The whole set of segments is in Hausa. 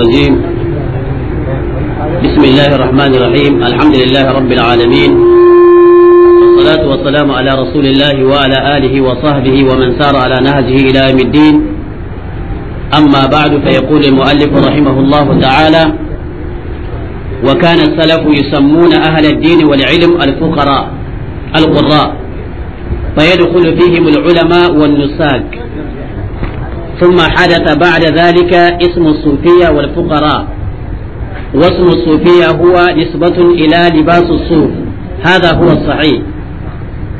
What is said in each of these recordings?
الرجيم بسم الله الرحمن الرحيم الحمد لله رب العالمين والصلاة والسلام على رسول الله وعلى آله وصحبه ومن سار على نهجه إلى يوم الدين أما بعد فيقول المؤلف رحمه الله تعالى وكان السلف يسمون أهل الدين والعلم الفقراء القراء فيدخل فيهم العلماء والنساك ثم حدث بعد ذلك اسم الصوفية والفقراء واسم الصوفية هو نسبة إلى لباس الصوف هذا هو الصحيح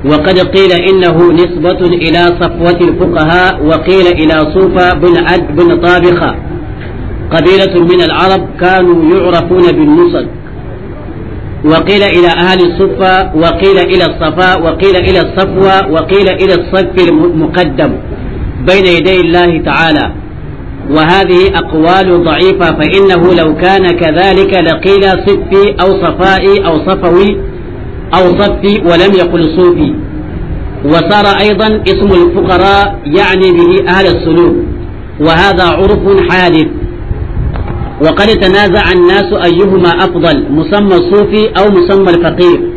وقد قيل إنه نسبة إلى صفوة الفقهاء وقيل إلى صوفة بن عد بن طابخة قبيلة من العرب كانوا يعرفون بالنصد وقيل إلى أهل الصفة وقيل إلى الصفاء وقيل إلى الصفوة وقيل إلى الصف المقدم بين يدي الله تعالى وهذه أقوال ضعيفة فإنه لو كان كذلك لقيل صفي أو صفائي أو صفوي أو صفي ولم يقل صوفي وصار أيضا اسم الفقراء يعني به أهل السلوك وهذا عرف حادث وقد تنازع الناس أيهما أفضل مسمى الصوفي أو مسمى الفقير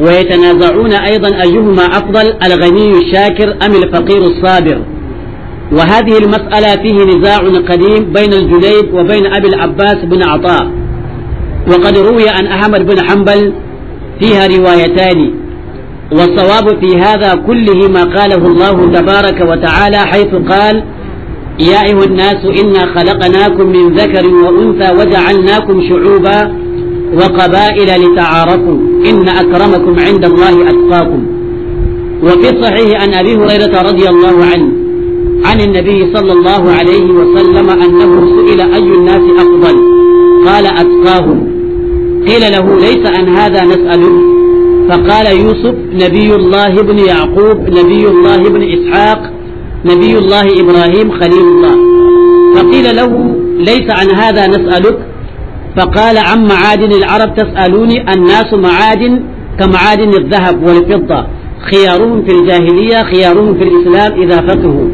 ويتنازعون أيضا أيهما أفضل الغني الشاكر أم الفقير الصابر وهذه المسألة فيه نزاع قديم بين الجليد وبين أبي العباس بن عطاء وقد روي عن أحمد بن حنبل فيها روايتان والصواب في هذا كله ما قاله الله تبارك وتعالى حيث قال يا أيها الناس إنا خلقناكم من ذكر وأنثى وجعلناكم شعوبا وقبائل لتعارفوا إن أكرمكم عند الله أتقاكم وفي الصحيح عن أبي هريرة رضي الله عنه عن النبي صلى الله عليه وسلم أنه سئل أي الناس أفضل قال أتقاهم قيل له ليس عن هذا نسأله فقال يوسف نبي الله بن يعقوب نبي الله بن إسحاق نبي الله إبراهيم خليل الله فقيل له ليس عن هذا نسألك فقال عن معادن العرب تسألوني الناس معادن كمعادن الذهب والفضة خيارهم في الجاهلية خيارهم في الإسلام إذا فقهوا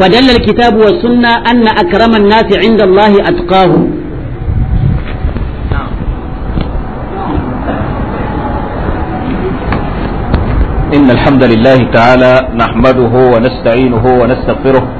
فدل الكتاب والسنة أن أكرم الناس عند الله أتقاهم إن الحمد لله تعالى نحمده ونستعينه ونستغفره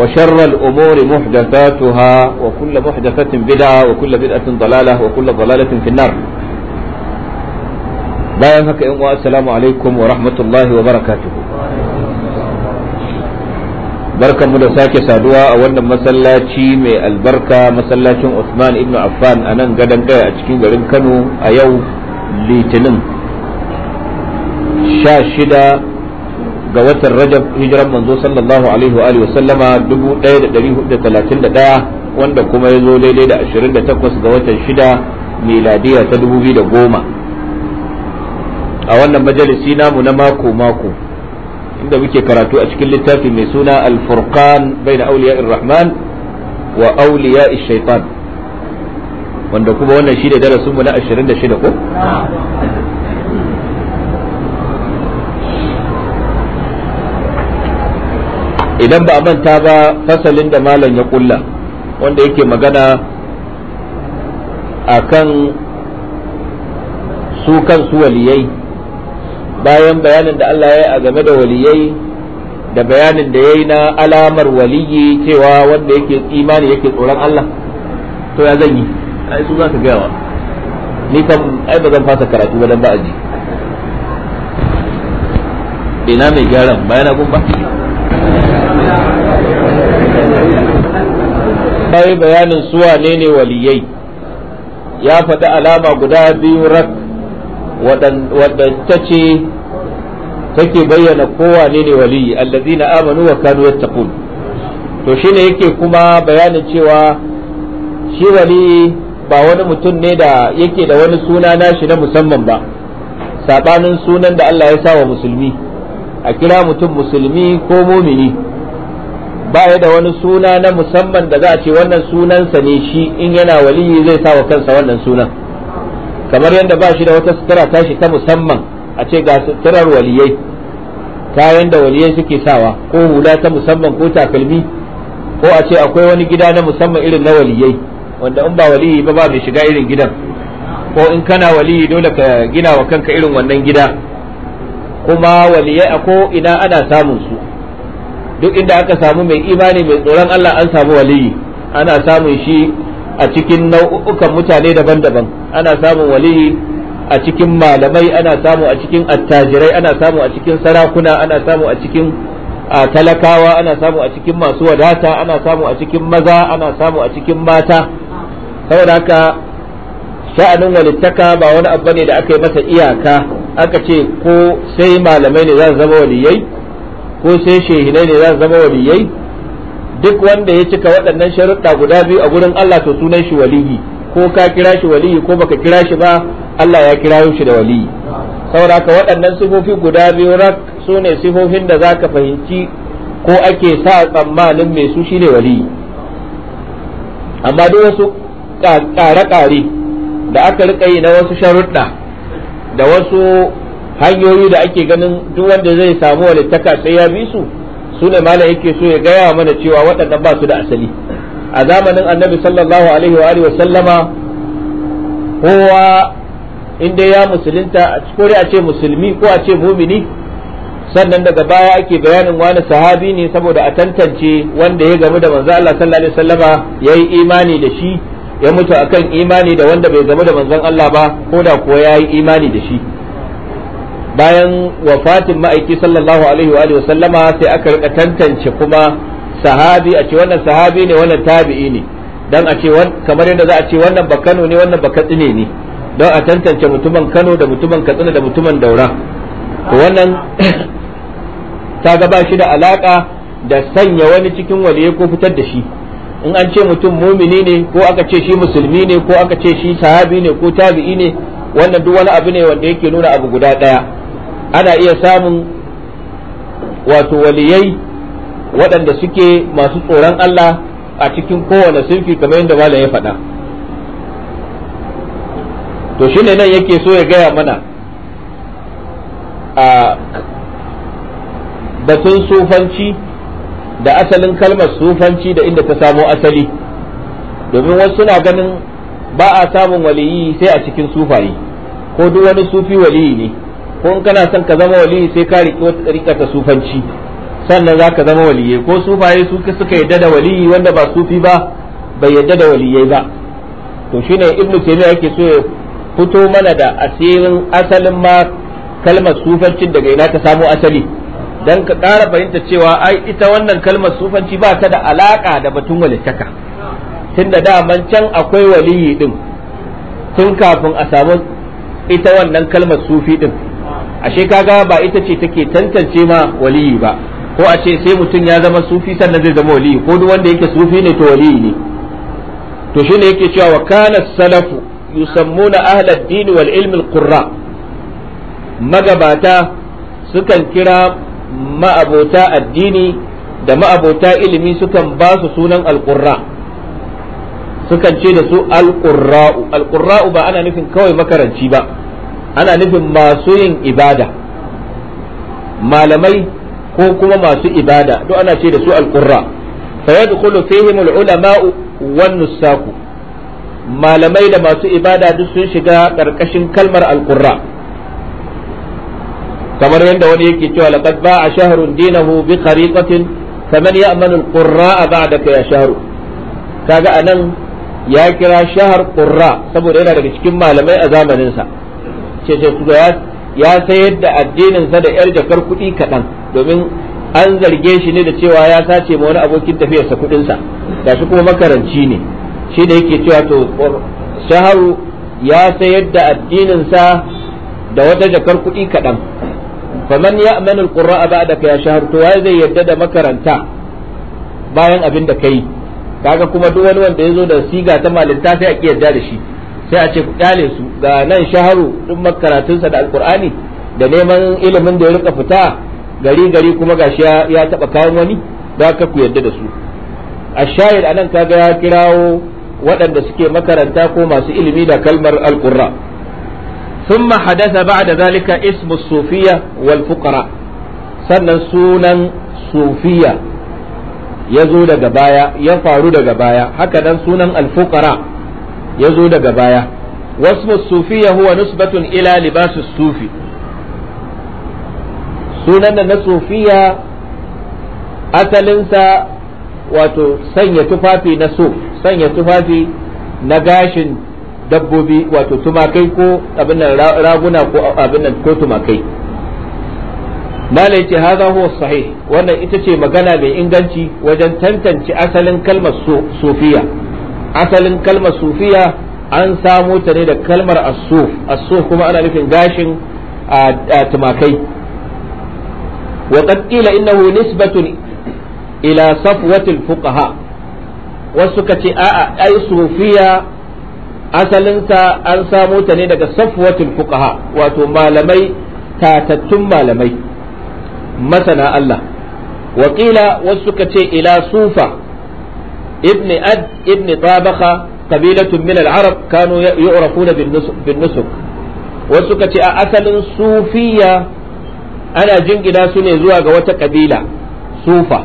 وشر الأمور محدثاتها وكل محدثة بدعة bayan haka yan uwa assalamu alaikum wa rahmatullahi wa barakatuhu barkanmu da sake saduwa a wannan masallaci mai albarka masallacin Usman ibn Affan a nan gadan gaya a cikin garin Kano a yau litinin 16 ga watan rajab hijiran manzo sallallahu alaihi wa alihi sallama 1431 wanda kuma ya zo daidai da 28 ga watan 6 miladiya ta 2010 a wannan majalisi namu na mako mako inda muke karatu a cikin littafi mai suna al-furqan bayna awliya'ir rahman wa auliya shaitan wanda kuma wannan shi ne darasinmu na 26 ko idan ba manta ba fasalin da malam ya kulla wanda yake magana akan su kansu waliyai bayan bayanin da Allah ya yi a game da waliyai da bayanin da ya yi na alamar waliyi cewa wanda yake imani yake tsoron Allah to ya zan yi ai su za ka wa. ni kam ai ba zan fasa karatu ba dan ba aji ina mai gyaran bayana kun ba kai bayanin suwa ne ne waliyai ya faɗi alama guda biyu rak wadda ce take bayyana kowa ne ne waliyi allazina amanu wa kanu yattaqun to shine yake kuma bayanin cewa shi wali ba wani mutum ne da yake da wani suna nashi na musamman ba saɓanin sunan da Allah ya sa wa musulmi a kira mutum musulmi ko mumini baya da wani suna na musamman da za a ce wannan sunansa ne shi in yana waliyi zai sa wa kansa wannan sunan kamar yadda ba shi da wata sutura tashi ta musamman a ce ga suturar waliyai kayan da waliyai suke sawa ko hula ta musamman ko takalmi ko a ce akwai wani gida na musamman irin na waliyai wanda in ba waliyi ba ba mai shiga irin gidan ko in kana waliyi dole ka gina wa kanka irin wannan gida kuma waliyai a ko ina ana samun su duk inda aka samu mai imani mai tsoron Allah an samu waliyi ana samun shi a cikin nau'ukan mutane daban-daban ana samun waliyi a cikin malamai ana samu a cikin attajirai ana samu a cikin sarakuna ana samu a cikin talakawa ana samu a cikin masu wadata ana samu a cikin maza ana samu a cikin mata saboda haka sha'anin walittaka ba wani abu ne da aka yi masa iyaka aka ce ko sai malamai ne za su zama waliyai ko sai shehinai ne za su zama waliyai duk wanda ya cika waɗannan sharuɗa guda biyu a gurin Allah to sunan shi waliyi ko ka kira shi waliyi ko baka kira shi ba Allah ya kira shi da waliyi saboda ka waɗannan sifofi guda biyu rak su ne sifofin da zaka fahimci ko ake sa tsammanin mai su shine waliyi amma duk wasu ƙare-ƙare da aka rika yi na wasu sharuɗa da wasu hanyoyi da ake ganin duk wanda zai samu walittaka sai ya bi su su ne malam yake so ya gaya mana cewa waɗannan ba su da asali a zamanin annabi sallallahu alaihi wa alihi sallama kowa inda ya musulunta ko dai a ce musulmi ko a ce mumini sannan daga baya ake bayanin wani sahabi ne saboda a tantance wanda ya gamu da manzo Allah sallallahu alaihi wasallama yayi imani da shi ya mutu akan imani da wanda bai gamu da manzon Allah ba ko da kuwa yayi imani da shi bayan wafatin ma'aiki sallallahu alaihi wa alihi sallama sai aka rika tantance kuma sahabi a ce wannan sahabi ne wannan tabi'i ne dan a ce kamar yadda za a ce wannan ba Kano ne wannan ba Katsine ne don a tantance mutumin Kano da mutumin Katsina da mutumin Daura to wannan ta ga ba shi da alaka da sanya wani cikin waliye ko fitar da shi in an ce mutum mumini ne ko aka ce shi musulmi ne ko aka ce shi sahabi ne ko tabi'i ne wannan duk wani abu ne wanda yake nuna abu guda ɗaya ana iya samun wato waliyai waɗanda suke masu tsoron Allah a cikin kowane sinfi kamar yadda malam ya faɗa to shine nan yake so ya gaya mana a batun sufanci da asalin kalmar sufanci da inda ta samo asali domin wasu suna ganin ba a samun waliyi sai a cikin sufaye ko duk wani sufi waliyi ne ko in kana son ka zama waliyi sai ka riƙe wata ɗariƙa ta sufanci sannan za ka zama waliyi ko sufaye su suka yadda da waliyi wanda ba sufi ba bai yadda da waliyai ba to shi ne ibnu taimiyya yake so ya fito mana da asirin asalin ma kalmar sufancin daga ina ta samo asali dan ka ƙara fahimta cewa ai ita wannan kalmar sufanci ba ta da alaƙa da batun walittaka tunda daman can akwai waliyi din tun kafin a samu ita wannan kalmar sufi din ashe kaga ba ita ce take tantance ma waliyi ba ko a ce sai mutum ya zama sufi sannan zai zama waliyi ko duk wanda yake sufi ne to waliyi ne to shine yake cewa wa kana salafu yusammuna ahlad ad-din wal ilm al-qurra magabata sukan kira ma'abota addini da ma'abota ilimi sukan ba su sunan al-kurra al-qurra sukan ce da su al-kurra'u al qurra ba ana nufin kawai makaranci ba ana nufin masu yin ibada malamai ko kuma masu ibada duk ana ce da su alqurra fa yadkhulu fihim ulama'u wan nusaku malamai da masu ibada duk sun shiga karkashin kalmar alƙurra. kamar yadda wani yake cewa laqad ba'a shahrun dinahu bi khariqatin faman ya'manu alqurra ba'daka ya shahru kaga anan ya kira shahar qurra saboda yana daga cikin malamai a zamaninsa sa ce ce su ya sayar da addinin sa da yar jakar kuɗi kaɗan domin an zarge shi ne da cewa ya sace ma wani abokin tafiyarsa kuɗinsa da shi kuma makaranci ne shi da yake cewa to shaharu ya sayar da addinin sa da wata jakar kuɗi kaɗan faman ya amana alqurra ba'da ka ya shahar to wai zai yarda da makaranta bayan abin da kai kaga kuma duk wani wanda ya zo da siga ta malinta sai a yarda da shi sai a ce ku kyale su ga nan shaharu duk makaratunsa da alkur'ani da neman ilimin da ya rika fita gari gari kuma gashi ya taba kawo wani da ka ku yadda da su a shahid anan kaga ya kirawo waɗanda suke makaranta ko masu ilimi da kalmar alkurra thumma hadatha ba'da zalika ismu sufiya wal fuqara sannan sunan sufiya ya zo daga baya ya faru daga baya haka sunan al ya zo daga baya wasmu sufiya huwa nusbatun ila libasu sufi sunan na sufiya asalinsa wato sanya tufafi na so sanya tufafi na gashin dabbobi wato tumakai ko abin raguna ko abin nan ko tumakai mala huwa sahih wannan ita ce magana mai inganci wajen tantance asalin kalmar sufiya asalin kalmar sufiya an samo ta ne da kalmar asuf asuf kuma ana nufin gashin tumakai wa qila innahu nisbatun ila safwatil fuqaha wasu ka ce a'a ai sufiya asalinsa an samo ta ne daga safwatul fuqaha wato malamai tatattun malamai masana Allah waƙila wasu ka ce ila sufa Ibni ad ibn tabakha qabilatun min al-arab kanu yu'rafuna bin nusuk wasu suka a asalin sufiya ana jingina su ne zuwa ga wata kabila sufa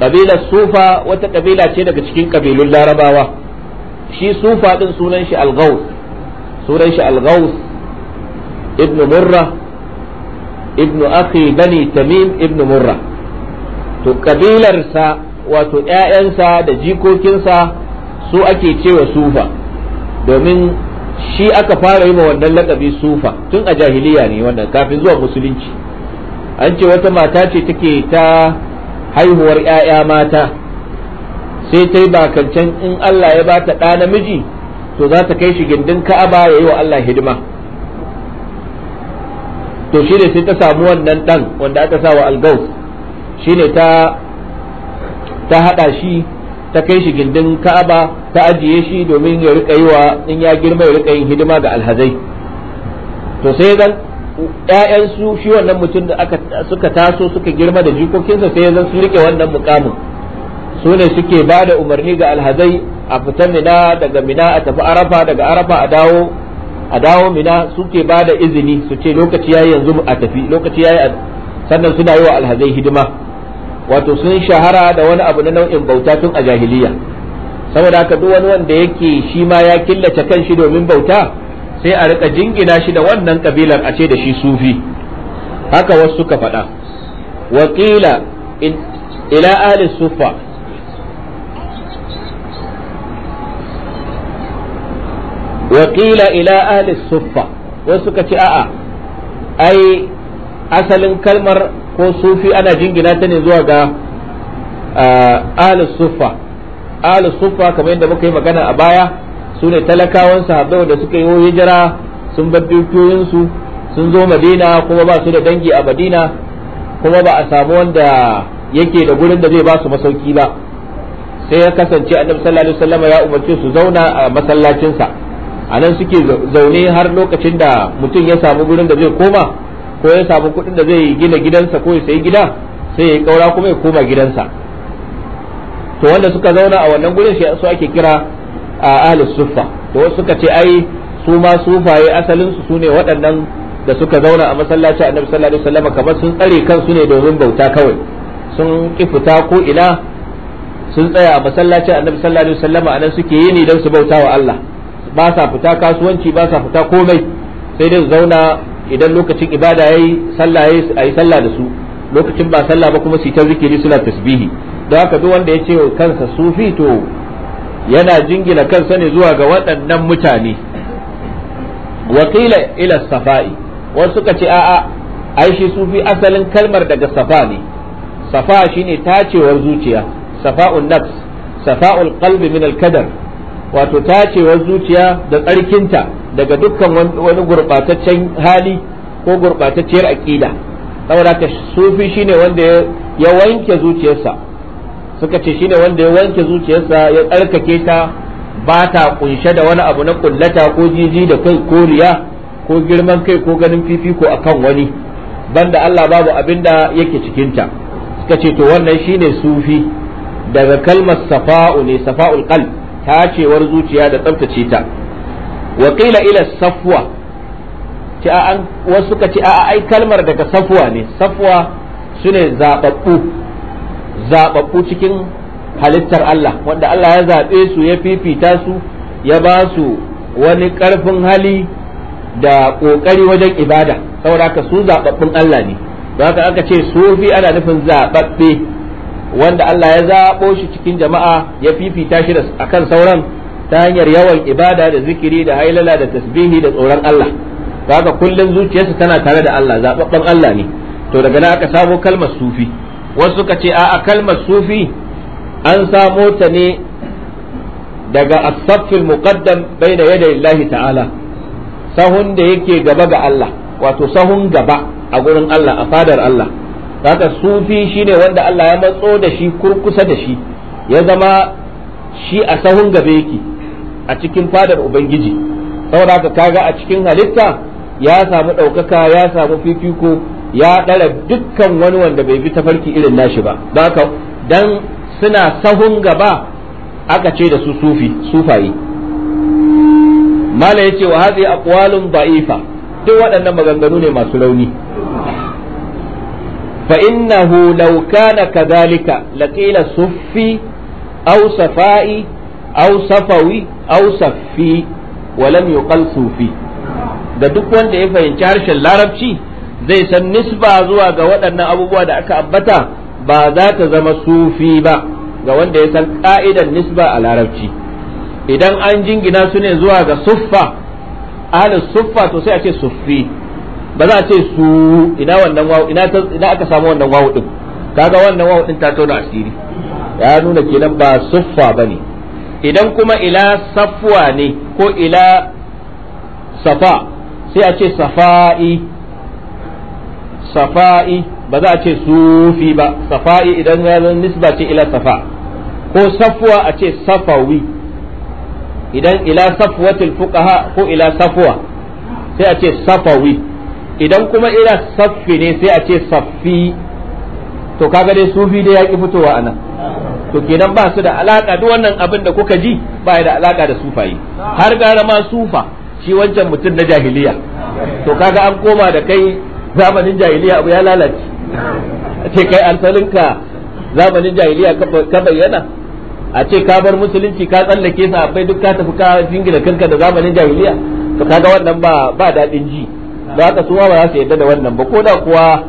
kabilar sufa wata kabila ce daga cikin kabilun larabawa shi sufa ɗin sunan shi al-ghaus sunan shi al-ghaus ibn murra ibn akhi bani tamim ibn murra to kabilarsa wato ‘ya'yansa da jikokinsa su ake cewa sufa domin shi aka fara yi ma wannan lakabi sufa tun a jahiliya ne wannan kafin zuwa musulunci an ce wata mata ce take ta haihuwar ‘ya'ya mata sai ta yi bakancan in Allah ya bata ɗa namiji to za ta kai shi gindin ka'aba ya yi wa Allah hidima to shi ne sai ta samu wannan ɗan wanda aka sa wa algaus shi ne ta ta haɗa shi ta kai shi gindin ka'aba ta ajiye shi domin ya rika yi wa in ya girma ya rika yin hidima ga alhazai to sai zan ƴaƴansu shi wannan mutum da aka suka taso suka girma da jikokinsa sai zan su rike wannan mukamin su ne suke ba da umarni ga alhazai a fita mina daga mina a tafi arafa daga arafa a dawo a dawo mina suke ba da izini su ce lokaci yayi yanzu a tafi lokaci yayi sannan suna yi wa alhazai hidima wato sun shahara da wani abu na nau'in bauta tun a jahiliya saboda haka duk wani wanda yake shi ma ya killace kanshi domin bauta sai a rika jingina shi da wannan kabilar a ce da shi sufi haka wasu suka faɗa wakila ila ahli sufa wakila ila ahli sufa wasu suka ce a'a ai asalin kalmar ko sufi ana jingina ta ne zuwa ga alisufa alisufa kamar yadda muka yi magana a baya su ne talakawan sahabbai da suka yi hijira sun bar dukiyoyinsu sun zo madina kuma ba su da dangi a madina kuma ba a samu wanda yake da gurin da zai ba su masauki ba sai ya kasance annabi sallallahu alaihi wasallam ya umarce su zauna a masallacinsa a nan suke zaune har lokacin da mutum ya samu gurin da zai koma ko ya samu kuɗin da zai gina gidansa ko ya sayi gida sai ya yi ƙaura kuma ya koma gidansa to wanda suka zauna a wannan gurin shi su ake kira a ahlus suffa to wasu suka ce ai su ma sufaye asalin su sune waɗannan da suka zauna a masallaci annabi sallallahu alaihi wasallam kamar sun tsare kansu ne domin bauta kawai sun kifuta ko ina sun tsaya a masallaci annabi sallallahu alaihi wasallam anan suke yini don su bauta wa Allah ba sa fita kasuwanci ba sa fita komai sai dai zauna idan lokacin ibada yayi sallah yayi ayi sallah da su lokacin ba sallah ba kuma su ta zikiri suna tasbihi don haka duk wanda ya ce kansa sufi to yana jingina kansa ne zuwa ga waɗannan mutane wakila ila safa'i wasu suka ce a'a ai shi sufi asalin kalmar daga safa ne safa shine tacewar zuciya safa'un nafs safa'ul qalbi min al-kadar wato tacewar zuciya da tsarkinta daga dukkan wani gurbataccen hali ko gurɓatacciyar aqida saboda ka sufi shine wanda ya wanke zuciyarsa suka ce shine wanda ya wanke zuciyarsa ya tsarkake ta ba ta kunshe da wani abu na kullata ko jiji da kai ko riya ko girman kai ko ganin fifiko akan wani banda Allah babu abin da yake cikinta suka ce to wannan shine sufi daga kalmar safa'u ne safa'ul qalb tacewar zuciya da tsaftace ta wa qila ila safwa ci a an wasu ka ci a ai kalmar daga safwa ne safwa sune zababbu zababbu cikin halittar Allah wanda Allah ya zabe su ya fifita su ya ba su wani karfin hali da kokari wajen ibada saboda haka su zababbun Allah ne don haka aka ce sufi ana nufin zababbe wanda Allah ya zaɓo shi cikin jama'a ya fifita shi akan sauran ta hanyar yawan ibada da zikiri da hailala da tasbihi da tsoron Allah kaga kullun zuciyarsa tana tare da Allah zababban Allah ne to daga nan aka samo kalmar sufi wasu suka ce a'a kalmar sufi an samo ta ne daga as-saffil muqaddam baina yaday Allah ta'ala sahun da yake gaba ga Allah wato sahun gaba a gurin Allah a fadar Allah kaga sufi shine wanda Allah ya matso da shi kurkusa da shi ya zama shi a sahun gaba yake a cikin fadar ubangiji saboda haka kaga a cikin halitta ya samu ɗaukaka ya samu fifiko ya ɗara dukkan wani wanda bai bi tafarki irin nashi ba haka dan suna sahun gaba aka ce da su sufi sufaye mala yace wa hadhihi aqwalun da'ifa duk waɗannan maganganu ne masu rauni fa innahu law kana kadhalika laqila suffi aw safa'i aw safawi aw safi wa lam yuqal sufi da duk wanda ya fahimci harshen larabci zai san nisba zuwa ga waɗannan abubuwa da aka ambata ba za ta zama sufi ba ga wanda ya san ka'idar nisba a larabci idan an jingina su ne zuwa ga suffa ahlus suffa to sai a ce sufi, ba za a ce su ina wannan wawu ina ina aka samu wannan wawu din kaga wannan wawu din ta tauna asiri ya nuna kenan ba suffa bane idan kuma ila safwa ne ko ila safa sai a ce safa'i safa'i ba za a ce sufi ba safa'i idan ya zan nisba ce ila safa ko safwa a ce safawi idan ila safwatul fuqaha ko ila safwa sai a ce safawi idan kuma ila safi ne sai a ce safi to kaga dai sufi dai ya ki fitowa anan to kenan ba su da alaka duk wannan abin da kuka ji ba da alaka da sufaye har gara ma sufa shi wancan mutum na jahiliya to kaga an koma da kai zamanin jahiliya abu ya lalace a ce kai alsalinka zamanin jahiliya ka bayyana a ce ka bar musulunci ka tsallake bai duk ka tafi ka jingina kanka da zamanin jahiliya to kaga wannan ba ba dadin ji da haka su ba za su yadda da wannan ba ko da kuwa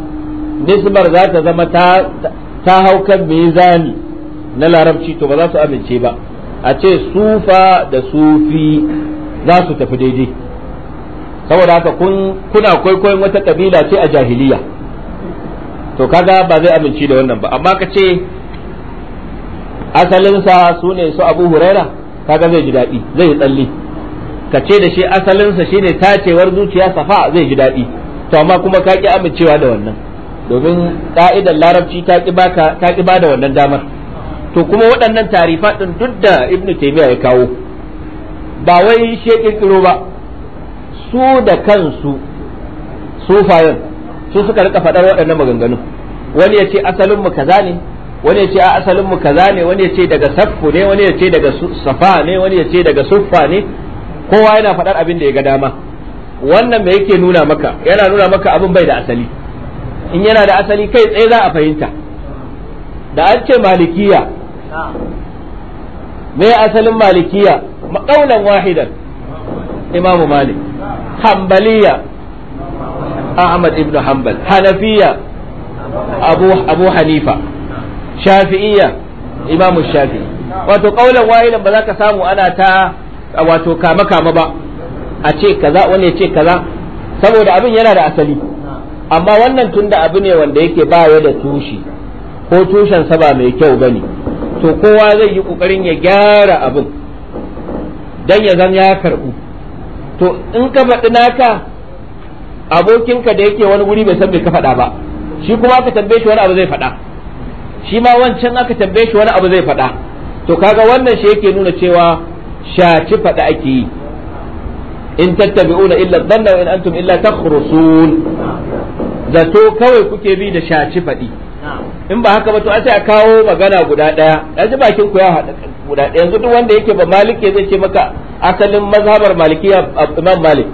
nisbar za ta zama ta ta hau kan zani. na larabci to ba za su amince ba a ce sufa da sufi za su tafi daidai saboda haka kuna kwaikwayon wata kabila ce a jahiliya to kaga ba zai amince da wannan ba amma ka ce asalinsa su ne su abu huraira kaga zai ji daɗi zai tsalli ka ce da shi asalinsa shi shine tacewar zuciya safa zai ji daɗi to amma kuma ka ƙi amincewa da wannan domin ƙa'idar larabci ta ƙi ba da wannan damar to kuma waɗannan tarifa ɗin duk da ibnu taymiya ya kawo ba wai shi kirkiro ba su da kansu sufayen su suka rika faɗar waɗannan maganganu. wani ya ce asalin kaza ne wani ya ce a asalin mu kaza ne wani ya ce daga saffu ne wani ya ce daga safa ne wani ya ce daga suffa ne kowa yana faɗar abin da ya ga dama wannan me yake nuna maka yana nuna maka abin bai da asali in yana da asali kai tsaye za a fahimta da an ce malikiya me asalin malikiya maƙaunan wahidan imamu malik hambaliya ahmad ibn hanbal hanafiya abu hanifa shafi'iyya imamu shafi'i wato ƙaunan wahidan ba za ka samu ana ta wato kama kama ba a ce kaza wani ya ce kaza saboda abin yana da asali amma wannan tunda abu ne wanda yake ba da tushi ko tushensa ba mai kyau ne. to kowa zai yi kokarin ya gyara abin dan ya zan ya karbu to in ka faɗi naka abokinka da yake wani wuri bai san bai ka faɗa ba shi kuma aka tambaye shi wani abu zai faɗa shi ma wancan aka tambaye shi wani abu zai faɗa to kaga wannan shi yake nuna cewa shaci faɗa ake yi in tattabi'una illa dhanna wa in antum illa takhrusun zato kawai kuke bi da shaci faɗi in ba haka ba to a sai a kawo magana guda daya yanzu bakin ku ya haɗa guda daya yanzu duk wanda yake ba maliki zai ce maka asalin mazhabar malikiya imam malik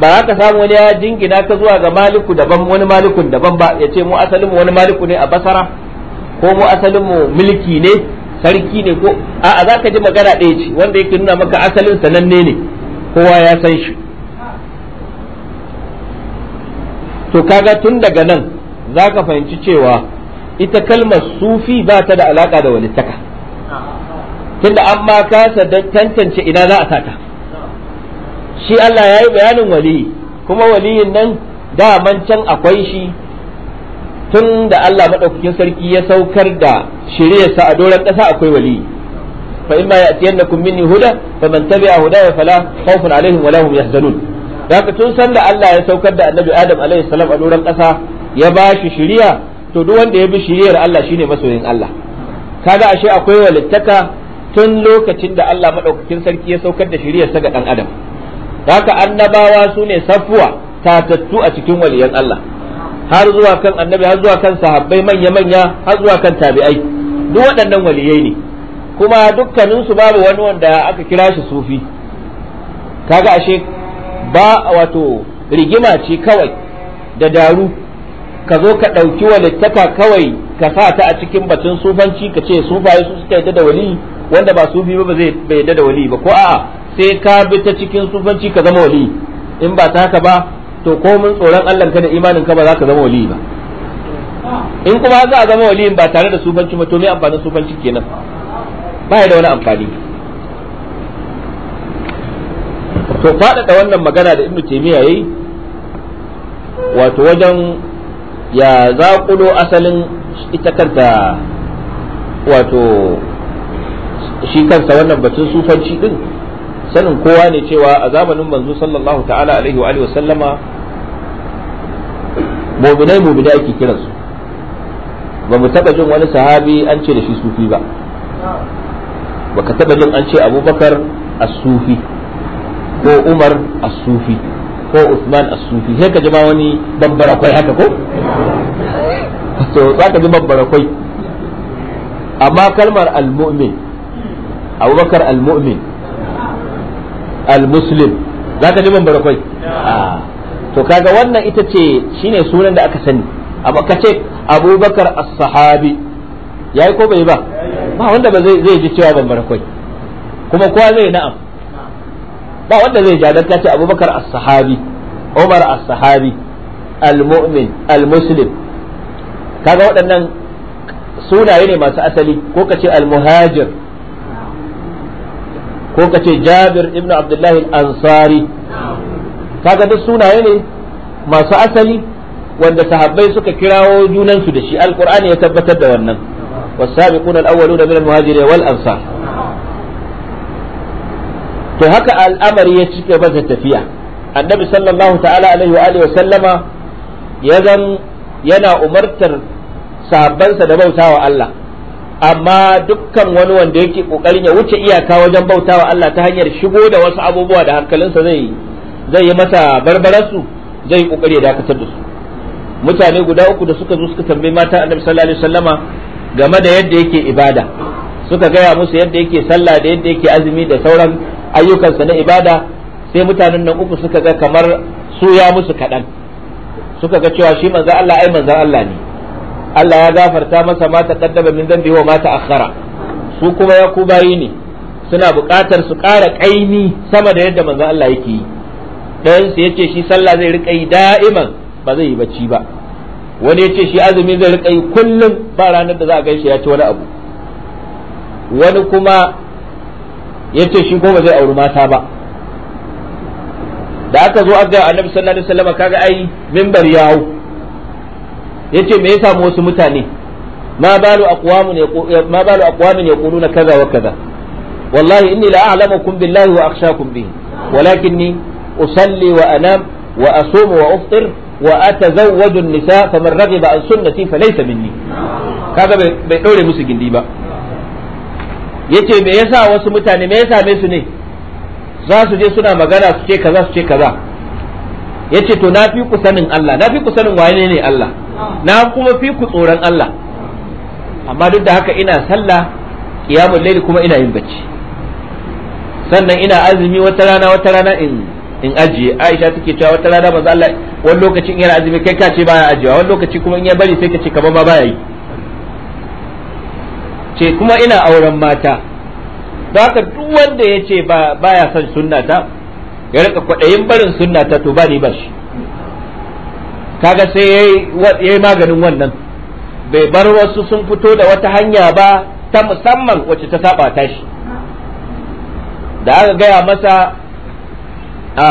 ba za ka samu wani ya jingina ka zuwa ga maliku daban wani malikun daban ba ya ce mu asalin mu wani maliku ne a basara ko mu asalin mu mulki ne sarki ne ko a'a za ka ji magana ɗaya ce wanda yake nuna maka asalin sananne ne kowa ya san shi to kaga tun daga nan za ka fahimci cewa ita kalmar sufi ba ta da alaka da walittaka tunda an ma kasa don tantance ina za a sata shi Allah ya yi bayanin waliyi kuma waliyin nan daman can akwai shi tun da Allah maɗaukakin sarki ya saukar da shiryarsa a doron ƙasa akwai waliyi fa imma ya'tiyannakum minni huda faman tabi'a hudaya fala khawfun alaihim wala hum yahzanun da tun sanda Allah ya saukar da annabi Adam alaihi salam a doron ƙasa ya ba shi shiriya to duk wanda ya bi shiriyar Allah shine masoyin Allah kaga ashe akwai walittaka tun lokacin da Allah madaukakin sarki ya saukar da shiriyar sa ga dan adam haka annabawa sune safuwa tatattu a cikin waliyan Allah har zuwa kan annabi har zuwa kan sahabbai manya manya har zuwa kan tabi'ai duk waɗannan waliyai ne kuma dukkaninsu babu wani wanda aka kira shi sufi kaga ashe ba wato rigima ce kawai da daru ka zo ka ɗauki walittaka kawai ka sa ta a cikin batun sufanci ka ce sufaye su suka yadda da wali wanda ba sufi ba zai bai yadda da wali ba ko a'a sai ka bi ta cikin sufanci ka zama wali in ba ta haka ba to ko mun tsoron Allah ka da imanin ka ba za ka zama wali ba in kuma za a zama wali ba tare da sufanci ba to me amfanin sufanci kenan ba ya da wani amfani to faɗaɗa wannan magana da ibnu taymiya yayi wato wajen ya za zaƙulo asalin ita kanta wato shi kansa wannan batun sufanci din sanin kowa ne cewa a zamanin manzo sallallahu ta'ala alaihi wa alihi sallama mu'minai mu'minai ake kiransu ba mu taba jin wani sahabi an ce da shi sufi ba baka taba jin an ce abubakar as-sufi ko umar as-sufi ko Usman as-Sufi sai ka ji ma wani babbara kwai haka ko to za ka ji babbara kwai amma kalmar al-mu'min Abubakar al-mu'min al-muslim za ka ji babbara kwai ah. to kaga wannan ita ce shine sunan da aka sani amma ka ce Abubakar as-sahabi yayi ko bai ba ba wanda ba zai ji cewa babbara kwai kuma kowa zai na'am ba wanda zai ja dan kace abubakar as-sahabi umar as-sahabi al-mu'min al-muslim kaga waɗannan sunaye ne masu asali ko kace al-muhajir ko kace jabir ibn abdullahi al-ansari kaga duk sunaye ne masu asali wanda sahabbai suka kirawo junansu da shi alqur'ani ya tabbatar da wannan والسابقون الأولون من wal والأنصار to haka al'amari ya ci gaba tafiya annabi sallallahu ta'ala alaihi wa wa sallama ya zan yana umartar sahabbansa da bautawa Allah amma dukkan wani wanda yake kokarin ya wuce iyaka wajen bautawa Allah ta hanyar shigo da wasu abubuwa da hankalinsa zai zai yi masa barbararsu zai yi kokari ya dakatar da su mutane guda uku da suka zo suka tambayi mata annabi sallallahu alaihi wasallama game da yadda yake ibada suka gaya musu yadda yake sallah da yadda yake azumi da sauran ayyukansa na ibada sai mutanen nan uku suka ga kamar su ya musu kaɗan suka ga cewa shi manzan Allah ai manzan Allah ne Allah ya gafarta masa mata ta kaddaba min zambi wa mata akhara su kuma ya kubayi ne suna buƙatar su ƙara ƙaimi sama da yadda manzan Allah yake yi ɗayan su yace shi sallah zai riƙa yi da'iman ba zai yi bacci ba wani yace shi azumi zai riƙa yi kullum ba ranar da za a gaishe ya ci wani abu wani kuma ya ce shi ba zai auri mata ba da aka zo aka annabi sallallahu alaihi wasallam kaga ai mimbar yawo yace me yasa samu wasu mutane ma balu aqwamun ma balu yaquluna kaza wa kaza wallahi inni la a'lamukum billahi wa akhshakum bihi walakinni usalli wa anam wa asumu wa ufṭir wa atazawwaju an-nisa faman raghiba an sunnati falaysa minni kaga bai daure musu gindi ba yace me yasa wasu mutane me yasa me su ne za su je suna magana su ce kaza su ce kaza yace to na fi ku sanin Allah na fi ku sanin waye ne Allah na kuma fi ku tsoron Allah amma duk da haka ina sallah qiyamul layl kuma ina yin bacci sannan ina azumi wata rana wata rana in in ajiye Aisha take cewa wata rana manzo Allah wani lokaci in yana azumi kai ka ce baya ajiyewa wani lokaci kuma in ya bari sai ka ce kamar ma baya yi ce kuma ina auren mata ba haka duk wanda ya ce ba baya son sunnata ya rika kwaɗayin barin sunnata to ba ni ba shi kaga sai ya yi maganin wannan bai bar wasu sun fito da wata hanya ba ta musamman wacce ta saba shi. da aka gaya masa a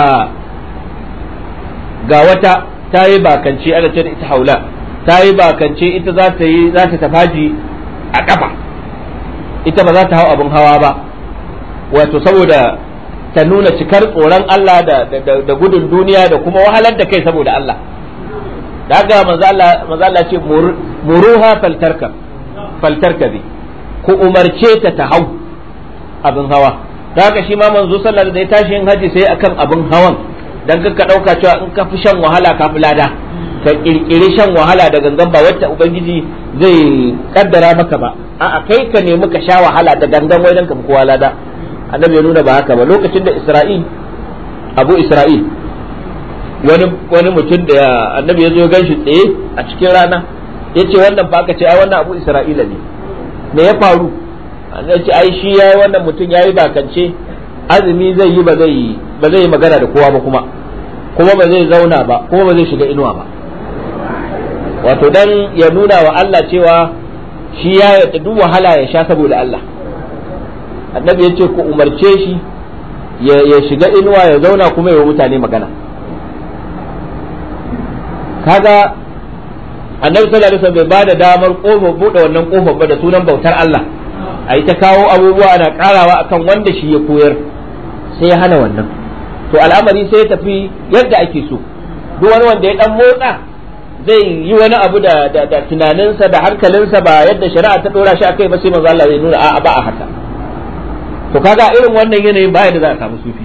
ga wata ta yi bakance ana ce ita haula ta yi bakance ita za ta yi za ta tafaji a kafa ita ba za ta hau abin hawa ba wato saboda ta nuna cikar tsoron Allah da gudun duniya da kuma wahalar da kai saboda Allah da ga manzo Allah ce muruha faltarka faltarka bi ku umarce ta ta hau abin hawa da haka shi ma manzo sallallahu da ya tashi yin haji sai akan abin hawan dan ka dauka cewa in ka fi shan wahala ka fi lada ka kirkiri shan wahala da gangan ba wacce ubangiji zai kaddara maka ba a'a kai ka nemi ka sha wahala da gangan wai dan ka kowa lada annabi ya nuna ba haka ba lokacin da Isra'il Abu Isra'il wani wani mutum da annabi ya zo ganshi tsaye a cikin rana Ya ce wannan ba ka ce ai wannan Abu Isra'ila ne me ya faru annabi ce ai shi yayi wannan mutum yayi bakance azumi zai yi ba zai ba zai magana da kowa ba kuma kuma ba zai zauna ba kuma ba zai shiga inuwa ba wato dan ya nuna wa Allah cewa shi ya yadda duk wahala ya sha saboda Allah annabi ya ce ku umarce shi ya shiga inuwa ya zauna kuma ya mutane magana kaga annabi sallallahu alaihi wasallam bai bada damar kofa bude wannan kofa ba da sunan bautar Allah a ta kawo abubuwa ana karawa akan wanda shi ya koyar sai ya hana wannan to al'amari sai ya tafi yadda ake so duk wani wanda ya dan motsa zai yi wani abu da tunaninsa da hankalinsa ba yadda shari'a ta dora shi akai ba sai manzo Allah zai nuna a'a ba a haka to kaga irin wannan yanayin ba yadda za a samu sufi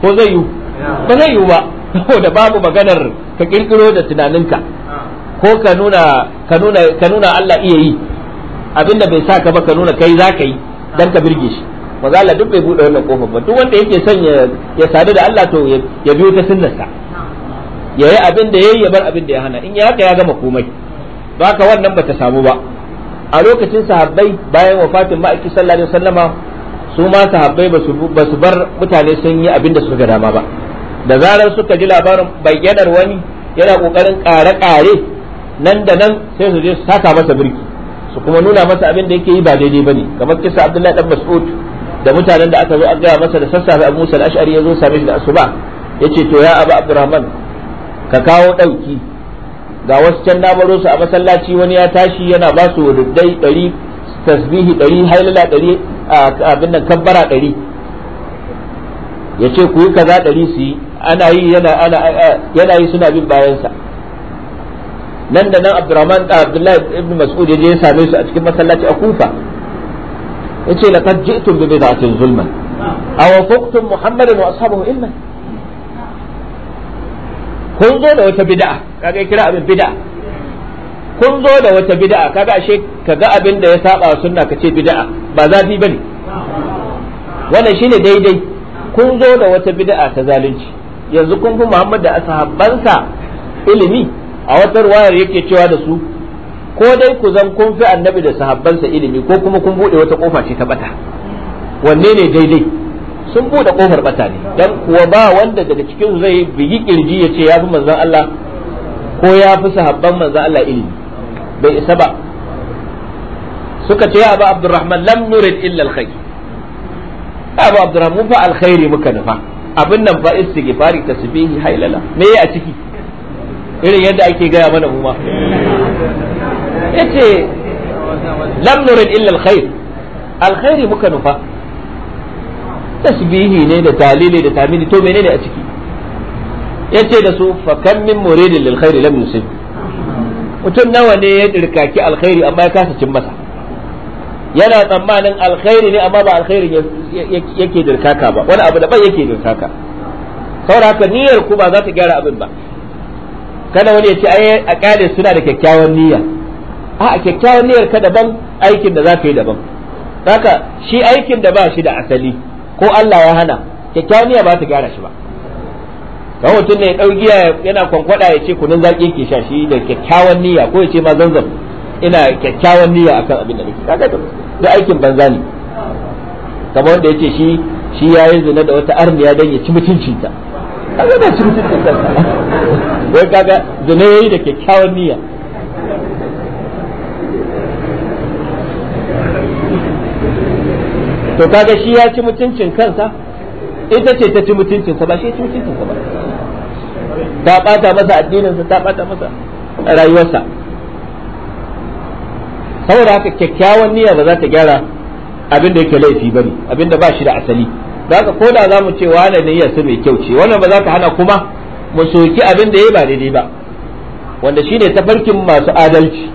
ko zai yi ba zai yi ba saboda babu maganar ka kirkiro da tunaninka ko ka nuna ka nuna ka nuna Allah iya yi abinda bai sa ka ba ka nuna kai za ka yi dan ka birge shi manzo Allah duk bai bude wannan kofar ba duk wanda yake son ya sadu da Allah to ya biyo ta sunnarsa ya yi abin da ya yi ya bar abin da ya hana in ya haka ya gama komai ba ka wannan ta samu ba a lokacin sahabbai bayan wafatin ma'aiki sallallahu alaihi wasallama su ma sahabbai ba su bar mutane sun yi abin da suka ga dama ba da zarar suka ji labarin bayyanar wani yana kokarin kare-kare nan da nan sai su je su saka masa birki su kuma nuna masa abin da yake yi ba daidai bane kamar kisa Abdullahi dan Mas'ud da mutanen da aka zo an gaya masa da sassafe Abu Musa al-Ash'ari ya zo same shi da asuba yace to ya Abu Abdurrahman ka kawo ɗauki ga wasu can na su a masallaci wani ya tashi yana ba su ruddai ɗari tasbihi ɗari hailala ɗari abin nan kabbara ɗari ya ce ku yi kaza ɗari su yi ana yi yana yi suna bin bayansa nan da nan abdurrahman abdullahi ibn mas'ud ya je ya same su a cikin masallaci a kufa yace laqad ji'tum bi bid'atin zulman aw faqtum muhammadan wa ashabahu ilman kun zo da wata bid'a kaga kira abin bid'a kun zo da wata bid'a kaga ashe kaga abin da ya saba sunna kace bid'a ba zafi bane wannan shine daidai kun zo da wata bid'a ta zalunci yanzu kun fi Muhammad da ashabansa ilimi a wata ruwayar yake cewa da su ko dai ku zan kun fi annabi da sahabbansa ilimi ko kuma kun bude wata kofa ce ta bata wanne ne daidai sun bude kofar bata ne dan kuwa ba wanda daga cikin zai bigi kirji ya ce ya fi manzon Allah ko ya fi sahabban manzon Allah ilimi bai isa ba suka ce ya abu abdurrahman lam nurid illa alkhair abu abdurrahman fa alkhairi muka nufa abin nan fa istighfari tasbihi hailala me a ciki irin yadda ake gaya mana mu ma yace lam nurid illa alkhair alkhairi muka nufa tasbihi ne da talili da tamili to menene a ciki yace da su fa kam min muridin lil khairi lam yusib mutum nawa ne ya dirkaki alkhairi amma ya kasa cin masa yana tsammanin alkhairi ne amma ba alkhairi yake dirkaka ba wani abu daban yake dirkaka saboda haka niyyar ku ba za ta gyara abin ba kada wani ya ce ai a kare suna da kyakkyawan niyya a kyakkyawan niyyar ka daban aikin da za ka yi daban haka shi aikin da ba shi da asali ko Allah ya hana kyakkyawan niyya ba ta gyara shi ba ga mutum ne ya giya yana kwankwada ya ce kunun zaki ke sha shi da kyakkyawan niyya ko ya ce ma zanzam ina kyakkyawan niyya akan abin da nake kaga da aikin banza ne kamar wanda ya ce shi shi yi zina da wata arniya don ya ci mutuncinta kaga da ci mutuncinta wai kaga zina ya yi da kyakkyawan niyya to kaga shi ya ci mutuncin kansa ita ce ta ci mutuncin sa ba shi ya ci mutuncin sa ba ta bata masa addinin sa ta bata masa rayuwarsa saboda haka kyakkyawan niyya ba za ta gyara abin da yake laifi bane abin da ba shi da asali da haka ko da za mu ce wala niyyar su mai kyau ce wannan ba za ka hana kuma mu soki abin da yayi ba daidai ba wanda shine tafarkin masu adalci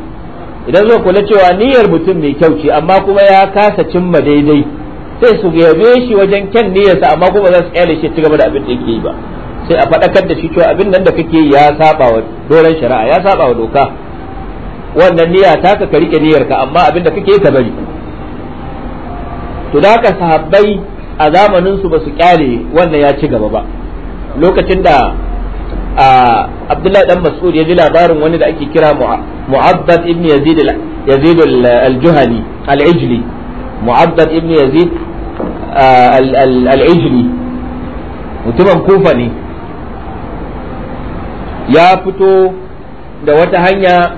idan zo kula cewa niyyar mutum mai kyau ce amma kuma ya kasa cimma daidai sai su yabe shi wajen kyan niyyarsa amma kuma za su kyale shi ci gaba da abin da yake yi ba sai a faɗakar da shi cewa abin nan da kake ya saba wa doran shari'a ya saba wa doka wannan niyya ta ka rike niyyarka amma abin da kake ka bari to da ka sahabbai a zamanin su ba su kyale wannan ya ci gaba ba lokacin da Abdullahi dan Mas'ud ya ji labarin wani da ake kira Mu'abbad ibn Yazid al-Juhani al-Ijli Mu'abbad ibn Yazid al'ijini mutumin kufa ne ya fito da wata hanya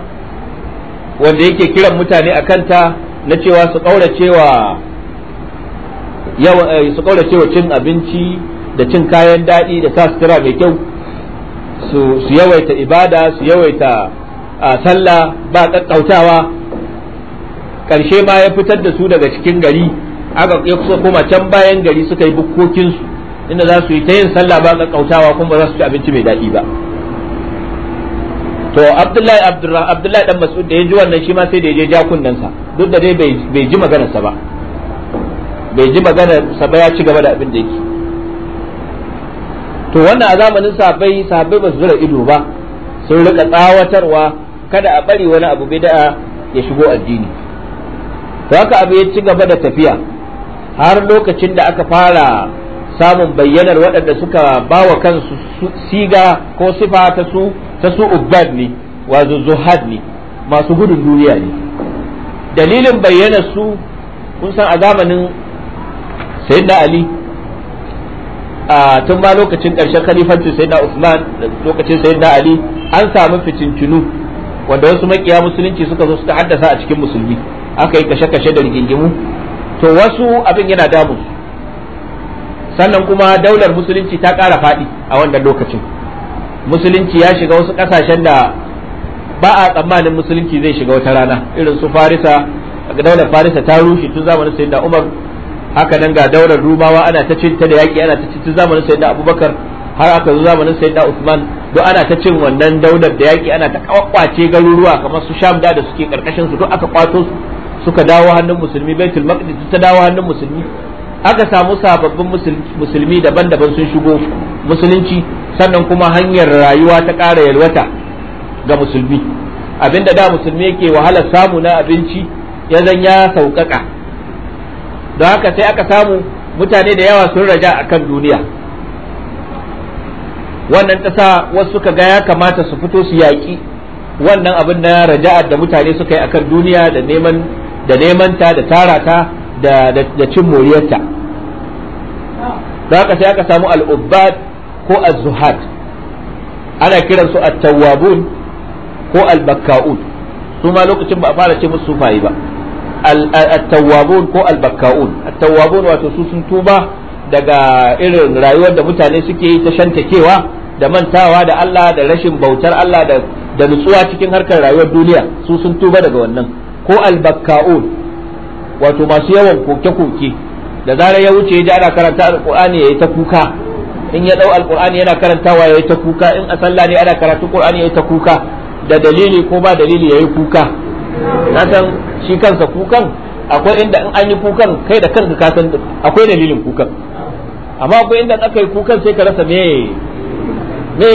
wanda yake kiran mutane a kanta na cewa su ƙauracewa su ƙauracewa cin abinci da cin kayan daɗi da sa sutura mai kyau su yawaita ibada su yawaita sallah ba ƙaƙƙautawa ƙarshe ma ya fitar da su daga cikin gari aka ya kusa koma can bayan gari suka yi bukkokinsu inda za su yi ta yin sallah ba kautawa kuma ba za su ci abinci mai daɗi ba to abdullahi abdullahi dan mas'ud da ya ji wannan shi ma sai da ya je jakunansa duk da dai bai ji maganarsa ba bai ji maganarsa ba ya ci gaba da abin da yake to wannan a zamanin sahabbai sahabbai ba su zura ido ba sun rika tsawatarwa kada a bari wani abu bid'a ya shigo addini to haka abu ya ci gaba da tafiya har lokacin da aka fara samun bayyanar waɗanda suka ba wa kansu siga ko sifa ta su ta su ubbad ne wazo zuhad ne masu gudun duniya ne dalilin bayyanar su kun san a zamanin sayyidina ali a tun ba lokacin ƙarshen khalifancin sayyidina usman lokacin sayyidina ali an samu fitintunu wanda wasu makiya musulunci suka zo suka haddasa a cikin musulmi aka yi kashe-kashe da rigingimu to wasu abin yana damu sannan kuma daular musulunci ta ƙara faɗi a wannan lokacin musulunci ya shiga wasu ƙasashen da ba a tsammanin musulunci zai shiga wata rana irin su farisa daular farisa ta rushe tun zamanin sayyidina umar haka nan ga daular rumawa ana ta cinta da yaƙi ana ta cin tun zamanin sayyidina abubakar har aka zo zamanin sayyidina usman duk ana ta cin wannan daular da yaƙi ana ta kwakwace garuruwa kamar su sham da da suke karkashin su duk aka kwato su suka dawo hannun musulmi baitul maqdis ta dawo hannun musulmi aka samu sababbin musulmi daban-daban sun shigo musulunci sannan kuma hanyar rayuwa ta ƙara yalwata ga musulmi abinda da musulmi yake wahalar samu na abinci ya zan ya sauƙaƙa don haka sai aka samu mutane da yawa sun raja a kan duniya wannan ta sa wasu suka ga ya kamata su fito su yaƙi wannan abin na raja'ar da mutane suka yi akan duniya da neman da neman ta da tarata, ta da cin moriyarta haka sai aka samu al'ubbad ko az-zuhad ana kiransu at-tawwabun ko al-bakka'un su ma lokacin ba a fara ce musu sufayi ba al tawwabun ko al-bakka'un at-tawwabun wato su sun tuba daga irin rayuwar da mutane suke yi ta shantakewa da mantawa da Allah da rashin bautar Allah da da nutsuwa cikin harkar rayuwar duniya su sun tuba daga wannan ko albakka'un wato masu yawan koke-koke da zarar ya wuce ya ji ana karanta ya yi ta kuka in ya dau alkur'ani yana karantawa yi ta kuka in a sallah ne ana karatu ya yi ta kuka da dalili ko ba dalili ya yi kuka na san shi kansa kukan akwai inda in an yi kukan kai da kanka ka san akwai dalilin kukan amma akwai inda aka yi kukan sai ka rasa me me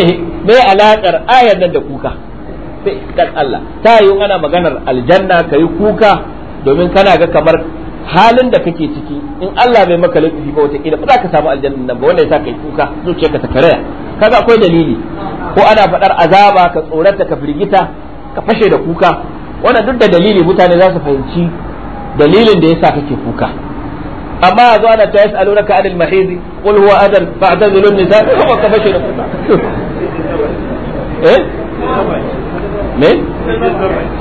me alakar ayar nan da kuka fi dan Allah ta yi ana maganar aljanna kayi kuka domin kana ga kamar halin da kake ciki in Allah bai maka laifi ba wata kila ba za ka samu aljanna nan ba wanda yasa kai kuka zuciyarka ta karaya kaga akwai dalili ko ana faɗar azaba ka tsorata ka firgita ka fashe da kuka wannan duk da dalili mutane za su fahimci dalilin da yasa kake kuka amma a zo ana ta yas'alunaka anil mahizi kul huwa adan fa'tazilun nisa ka fashe da kuka eh me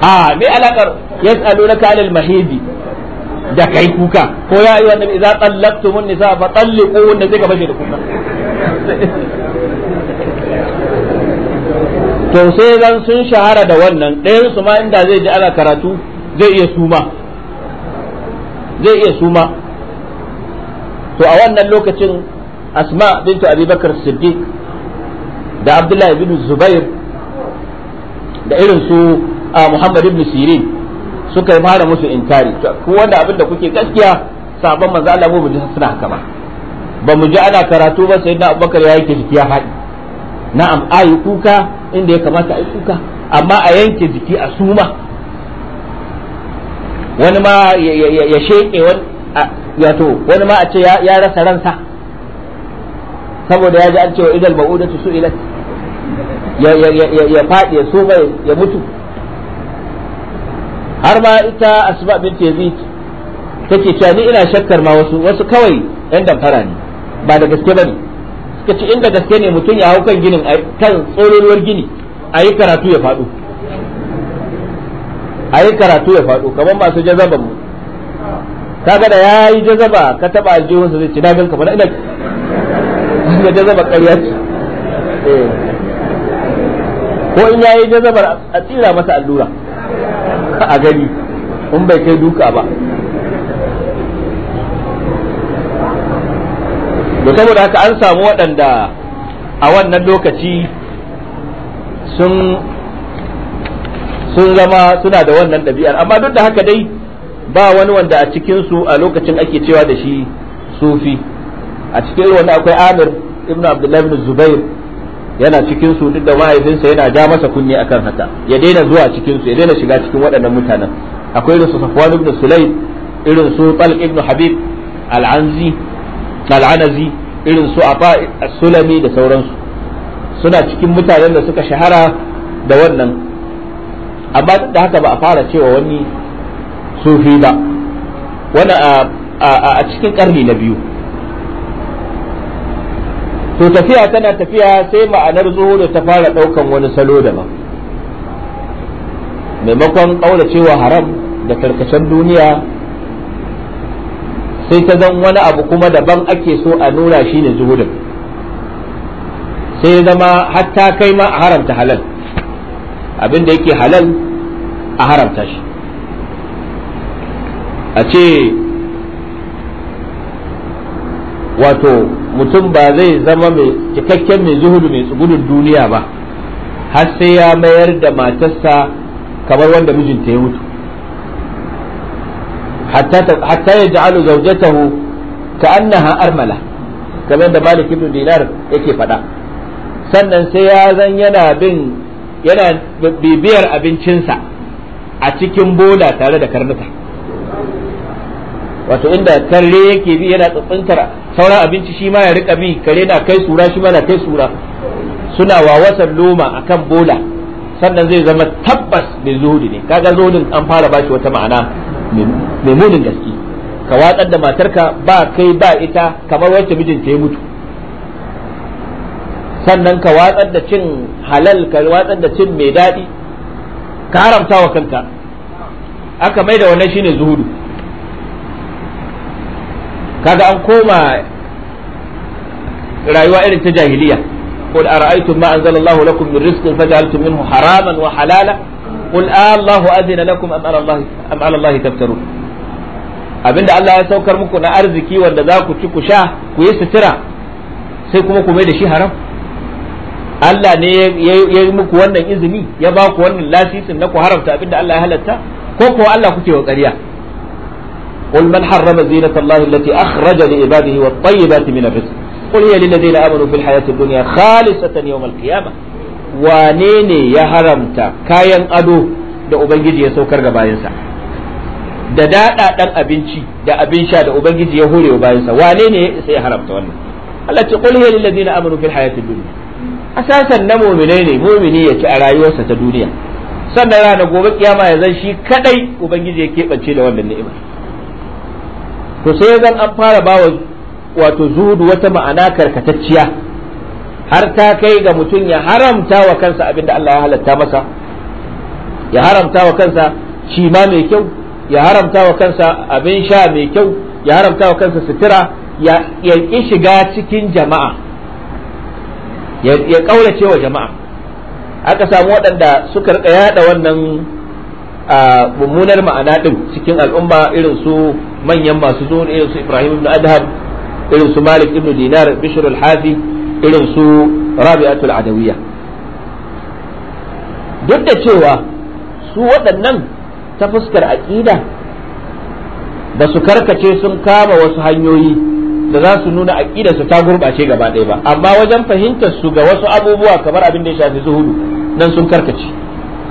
a ah, me alakar yas'alunaka alal mahidi da kai kuka ko ya wannan nabi idza tallaqtumun nisa fa talliqu wanda zai gaba shi da kuka to sai zan sun shahara da wannan ɗayan su ma inda zai ji ana karatu zai iya suma zai iya suma to a wannan lokacin asma bintu abubakar siddiq da abdullahi bin zubair da irin su Muhammad ibn Sirin suka yi mara musu inkari ko wanda abin da kuke gaskiya sabon manzo Allah mu bi suna haka ba ba mu ji ana karatu ba sai da Abubakar ya yanke jiki ya haɗi na'am ayi kuka inda ya kamata ayi kuka amma a yanke jiki a suma wani ma ya sheke wani wani ma a ce ya rasa ransa saboda ya ji an cewa idal ba'udatu su'ilat ya faɗi ya soma ya mutu har ma ita asma bin tezid take cewa ni ina shakkar ma wasu wasu kawai yan damfara ne ba da gaske bane suka ce inda gaske ne mutum ya hau kan ginin kan tsororuwar gini a yi karatu ya faɗo a yi karatu ya faɗo kamar masu jazaban mu kaga da ya yi jazaba ka taɓa aljihunsa zai ci na kamar ina jazaba ƙarya ce eh. ko in ya yi jazabar a tsira masa allura a gani in bai kai duka ba da saboda haka an samu waɗanda a wannan lokaci sun sun zama suna da wannan ɗabi'ar amma duk da haka dai ba wani wanda a cikinsu a lokacin ake cewa da shi sufi a cikin wanda akwai amir ibn abdullahi ibn zubair yana cikin su duk da mahaifinsa yana ja masa kunni akan haka ya daina zuwa cikin su ya daina shiga cikin waɗannan mutanen akwai irin su Safwan ibn Sulaym irin su Talq ibn Habib al-Anzi anazi irin su Afa sulami da sauransu suna cikin mutanen da suka shahara da wannan amma duk da haka ba a fara cewa wani sufi ba wani a cikin karni na biyu to tafiya tana tafiya sai ma'anar da ta fara ɗaukan wani salo daban maimakon ƙaura cewa haram da karkashen duniya sai ta zan wani abu kuma daban ake so a nuna shi ne zuhurin sai zama hatta kai ma a haramta halal abin da yake halal a haramta shi a ce wato mutum ba zai zama mai cikakken mai zuhudu mai gudun duniya ba har sai ya mayar da matarsa kamar wanda mijinta ya mutu hatta ya ja'alu zaujatahu ka annaha armala kamar da malik ibn dinar yake faɗa sannan sai ya zan yana bin yana bibiyar abincinsa a cikin bola tare da karnuka wato inda karre yake bi yana tsuntsuntar sauran abinci shi ma ya rika bi kare na kai sura shi ma na kai sura suna wawasan loma akan bola sannan zai zama tabbas mai zuhudi ne kaga zuhudin an fara bashi wata ma'ana mai munin gaske ka watsar da matarka ba kai ba ita kamar wacce mijinta ya mutu sannan ka watsar da cin halal ka watsar da cin mai daɗi ka haramta wa kanka aka mai da wannan shine zuhudu Ka ga an koma rayuwa irin ta jahiliya قل أرأيتم ما أنزل الله لكم من رزق فجعلتم منه حراما وحلالا قل آه الله أذن لكم أم Allah ya saukar muku na arziki wanda za ku ci ku sha ku yi sutura sai kuma ku bai da shi haram Allah ne ya yi muku wannan izini ya ba ku wannan lasisin na ku haramta abinda Allah ya halatta ko ko Allah kuke wa ƙarya قل من حرم زينة الله التي أخرج لعباده والطيبات من الرزق قل هي للذين آمنوا في الحياة الدنيا خالصة يوم القيامة wane ya haramta kayan ado da Ubangiji ya saukar ga bayansa da daɗaɗan abinci da abin sha da Ubangiji ya hore wa wane ne sai ya haramta wannan Allah ce qul hiya lillazina amanu fil hayatid dunya asasan na mu'mine ne ya ci a rayuwarsa ta duniya sannan ranar gobe kiyama ya zan shi kadai ya keɓance da to sai zan an fara wa wato zuhudu wata ma'ana karkatacciya har ta kai ga mutum ya haramta wa kansa abinda Allah ya halatta masa ya haramta wa kansa cima mai kyau ya haramta wa kansa abin sha mai kyau ya haramta wa kansa sutura ya ƙi shiga cikin jama'a ya ƙaurace wa jama'a aka samu waɗanda suka rika yada wannan a mummunar ma'ana din cikin al'umma irin su manyan masu zuwa irin su Ibrahim ibn Adham irin su Malik ibn Dinar Bishr al-Hafi irin su Rabi'atul adawiya duk da cewa su waɗannan ta fuskar aƙida da su karkace sun kama wasu hanyoyi da za su nuna aƙida su ta gurɓace gaba ɗaya ba amma wajen fahimtar su ga wasu abubuwa kamar abin da ya shafi zuhudu nan sun karkace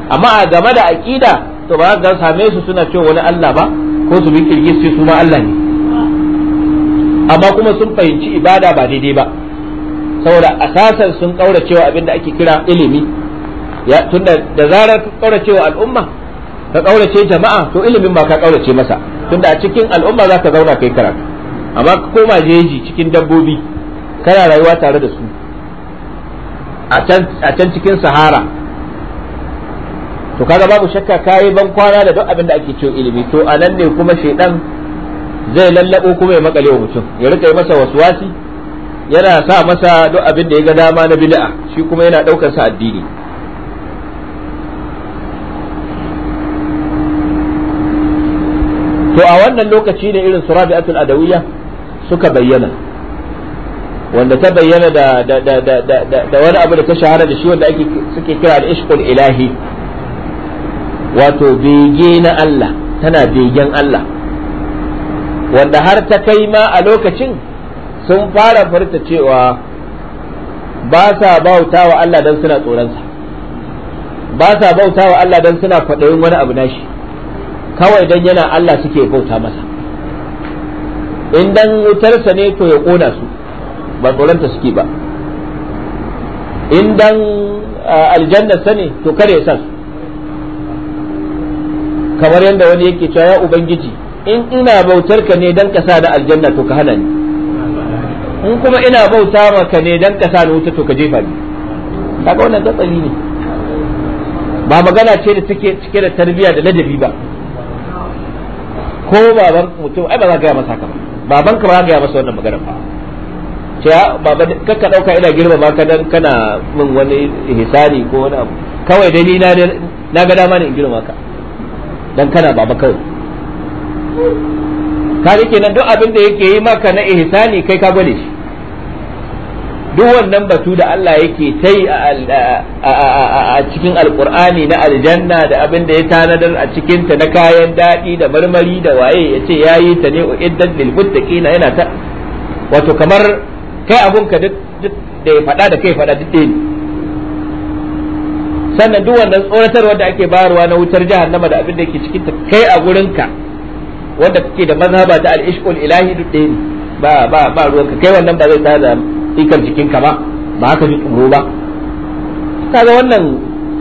amma a game da aƙida to ba ga same su suna cewa wani Allah ba ko su bi kirgi su su ma Allah ne amma kuma sun fahimci ibada ba daidai ba saboda asasan sun kaura cewa abinda ake kira ilimi ya tunda da zarar ka kaura cewa al'umma ka ƙaurace jama'a to ilimin ba ka kaurace masa tunda a cikin al'umma za ka zauna kai karatu amma ka koma jeji cikin dabbobi kana rayuwa tare da su a can cikin sahara to kaga babu shakka kayi ban kwana da duk abin da ake cewa ilimi to anan ne kuma shedan zai lallabo kuma ya makale wa mutum ya rika yi masa waswasi yana sa masa duk abin da ya ga dama na bid'a shi kuma yana daukar sa addini to a wannan lokaci ne irin surabi'atul adawiyya suka bayyana wanda ta bayyana da wani abu da ta shahara da shi wanda ake suke kira da ishqul ilahi wato bege na Allah tana begen Allah wanda har ta kai ma a lokacin sun fara furta cewa ba sa bauta wa Allah don suna tsoronsa ba sa bauta wa Allah don suna faɗayin wani abu nashi kawai don yana Allah suke bauta masa in dan wutarsa ne to ya ƙona su ba tsoronta suke ba in dan ah, aljanna ne to kare ya sa su kamar yadda wani yake cewa ya ubangiji in ina bautar ka ne dan kasa da aljanna to ka hana ni in kuma ina bauta maka ne dan kasa da wuta to ka jefa ni kaga wannan gatsali ne ba magana ce da take cike da tarbiyya da ladabi ba ko baban mutum ai ba za ka gaya masa ka ba baban ka ba za ka gaya masa wannan magana ba cewa baba kakka dauka ina girma ba kadan kana min wani hisani ko wani abu kawai dai ni na na ga dama ne in girma ka don kana baba kawai ka kenan duk abin da yake yi maka na ihsani kai ka gwade shi duk wannan batu da Allah yake ta yi a cikin alkur'ani na aljanna da abin da ya tanadar a cikinta na kayan daɗi da marmari da waye ya ce ya yi ta ne uiddat lil muttaqina yana ta wato kamar kai abun ka duk da ya faɗa da kai faɗa duk sannan duk wannan tsoratarwa da ake bayarwa na wutar jahannama da abin da yake cikin ta kai a gurinka wanda kake da mazhaba ta al-ishqul ilahi duk ɗaya ne ba ba ba ruwanka kai wannan ba zai da ikar jikinka ba ba haka ji tsoro ba kaga wannan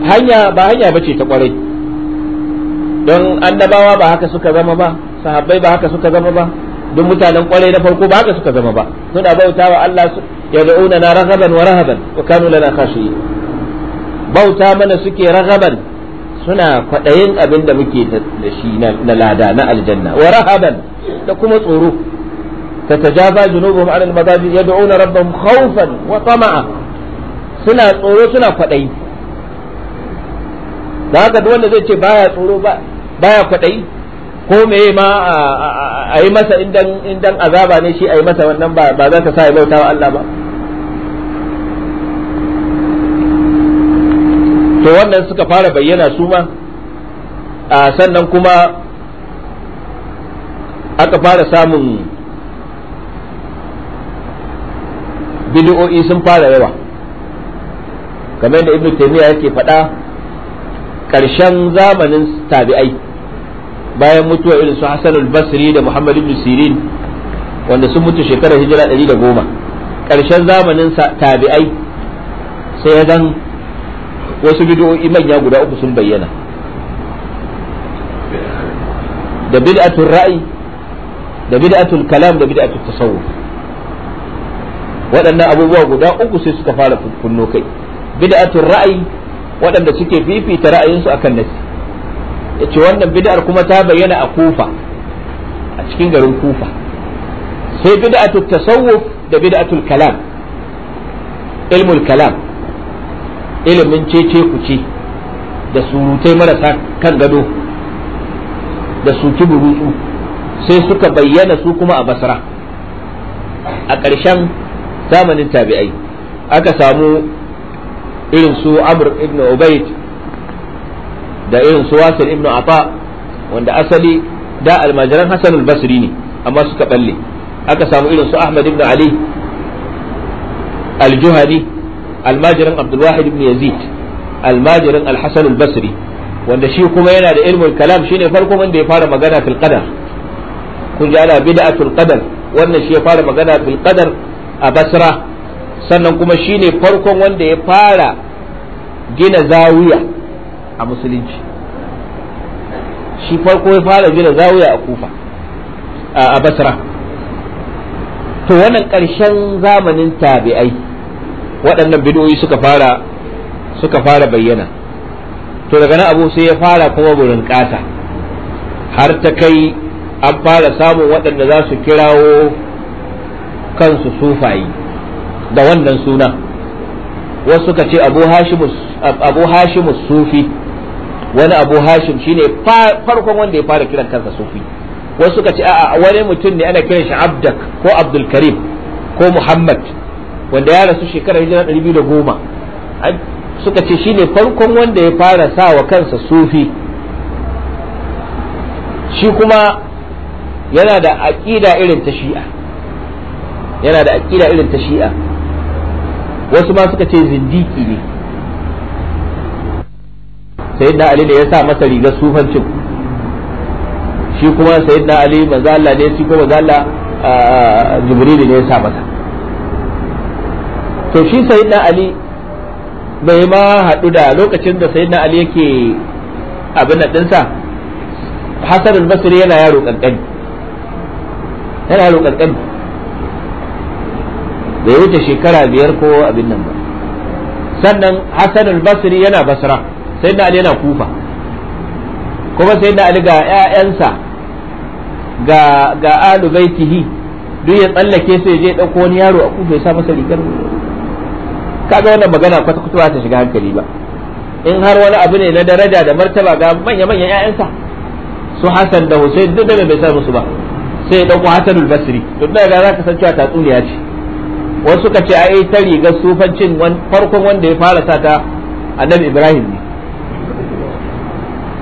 hanya ba hanya bace ta kwarai don annabawa ba haka suka zama ba sahabbai ba haka suka zama ba duk mutanen kwarai na farko ba haka suka zama ba suna bautawa Allah ya da'una na rahaban wa rahaban wa kanu lana khashiyin bauta mana suke ragaban suna kwaɗayin abin da muke da shi na lada na aljanna wa rahaban da kuma tsoro تتجافى جنوبهم عن المضاجع يدعون ربهم خوفا وطمعا suna tsoro suna kwaɗayi da haka duk wanda zai ce baya tsoro ba baya kwaɗayi ko meye ma a yi masa indan azaba ne shi a yi masa wannan ba za ta sa ya bauta wa Allah ba to wannan suka fara bayyana su ma sannan kuma aka fara samun bidiyo'i sun fara yawa kamar yadda ibn taymiya yake faɗa ƙarshen zamanin tabi'ai bayan mutuwa irin su Hassan al-Basri da Muhammad ibn Sirin wanda sun mutu shekarar hijira 110 ƙarshen zamanin tabi'ai sai ya zan wasu bid'o'i manya guda uku sun bayyana da bid'atul ra'ayi da bid'atul kalam da bid'atul tasawuf waɗannan abubuwa guda uku sai suka fara kunno kai bid'atul ra'ayi waɗanda suke fifita ra'ayinsu akan nasi yace wannan bid'ar kuma ta bayyana a kufa a cikin garin kufa sai bid'atul tasawuf da bid'atul kalam ilmul kalam ilimin cece ce da surutai marasa kan gado da suki burutsu sai suka bayyana su kuma a basra a ƙarshen zamanin tabi'ai aka samu irin su Amur ibn ubaid da irin su wasan ibn Afa wanda asali da almajiran hasan basri ne amma suka balle aka samu irin su ahmad ibn ali al almajirin abdulwahid ibn yazid almajirin alhassan albasri wanda shi kuma yana da ilmul kalam shine farko wanda ya fara magana fil qadar kun ji ana bid'atul qadar wannan shi ya fara magana fil qadar a basra sannan kuma shine farkon wanda ya fara gina zawiya a musulunci shi farko ya fara gina zawiya a kufa a basra to wannan ƙarshen zamanin tabi'ai waɗannan bidoyi suka fara bayyana to daga nan abu sai ya fara kuma burin kasa har ta kai an fara samun waɗanda za su kirawo kansu sufayi da wannan suna wasu suka ce abu hashimu sufi wani abu hashim shine farkon wanda ya fara kiran kansa sufi wasu suka ce a wani mutum ne ana kiran shi abdak ko abdulkarim ko muhammad wanda ya rasu shekarar hijira 210 suka ce shine farkon wanda ya fara sa wa kansa sufi shi kuma yana da aƙida irin ta shi'a yana da aƙida irin ta shi'a wasu ma suka ce zindiki ne sayyidina ali da ya sa masa rigar sufancin shi kuma sayyidina ali mazalla ne shi kuma mazalla jibril ne ya sa masa to shi sayyidina ali bai ma haɗu da lokacin da sayyidina ali yake abin da ɗinsa hasan al-basri yana yaro kankani yana yaro kankani bai wuce shekara biyar ko abin nan ba sannan hasan al-basri yana basra sayyidina ali yana kufa kuma sayyidina ali ga 'ya'yansa ga ga alu baitihi duk ya tsallake su ya je ɗauko wani yaro a kufa ya sa masa rigar kaga wannan magana kwata kwata ta shiga hankali ba in har wani abu ne na daraja da martaba ga manya manyan ƴaƴansa su Hassan da Hussein duk da bai san musu ba sai ya dauko Hassan al-Basri to da ga zaka san cewa tatsuniya ce wasu suka ce ai ta riga sufancin farkon wanda ya fara sa ta Annabi Ibrahim ne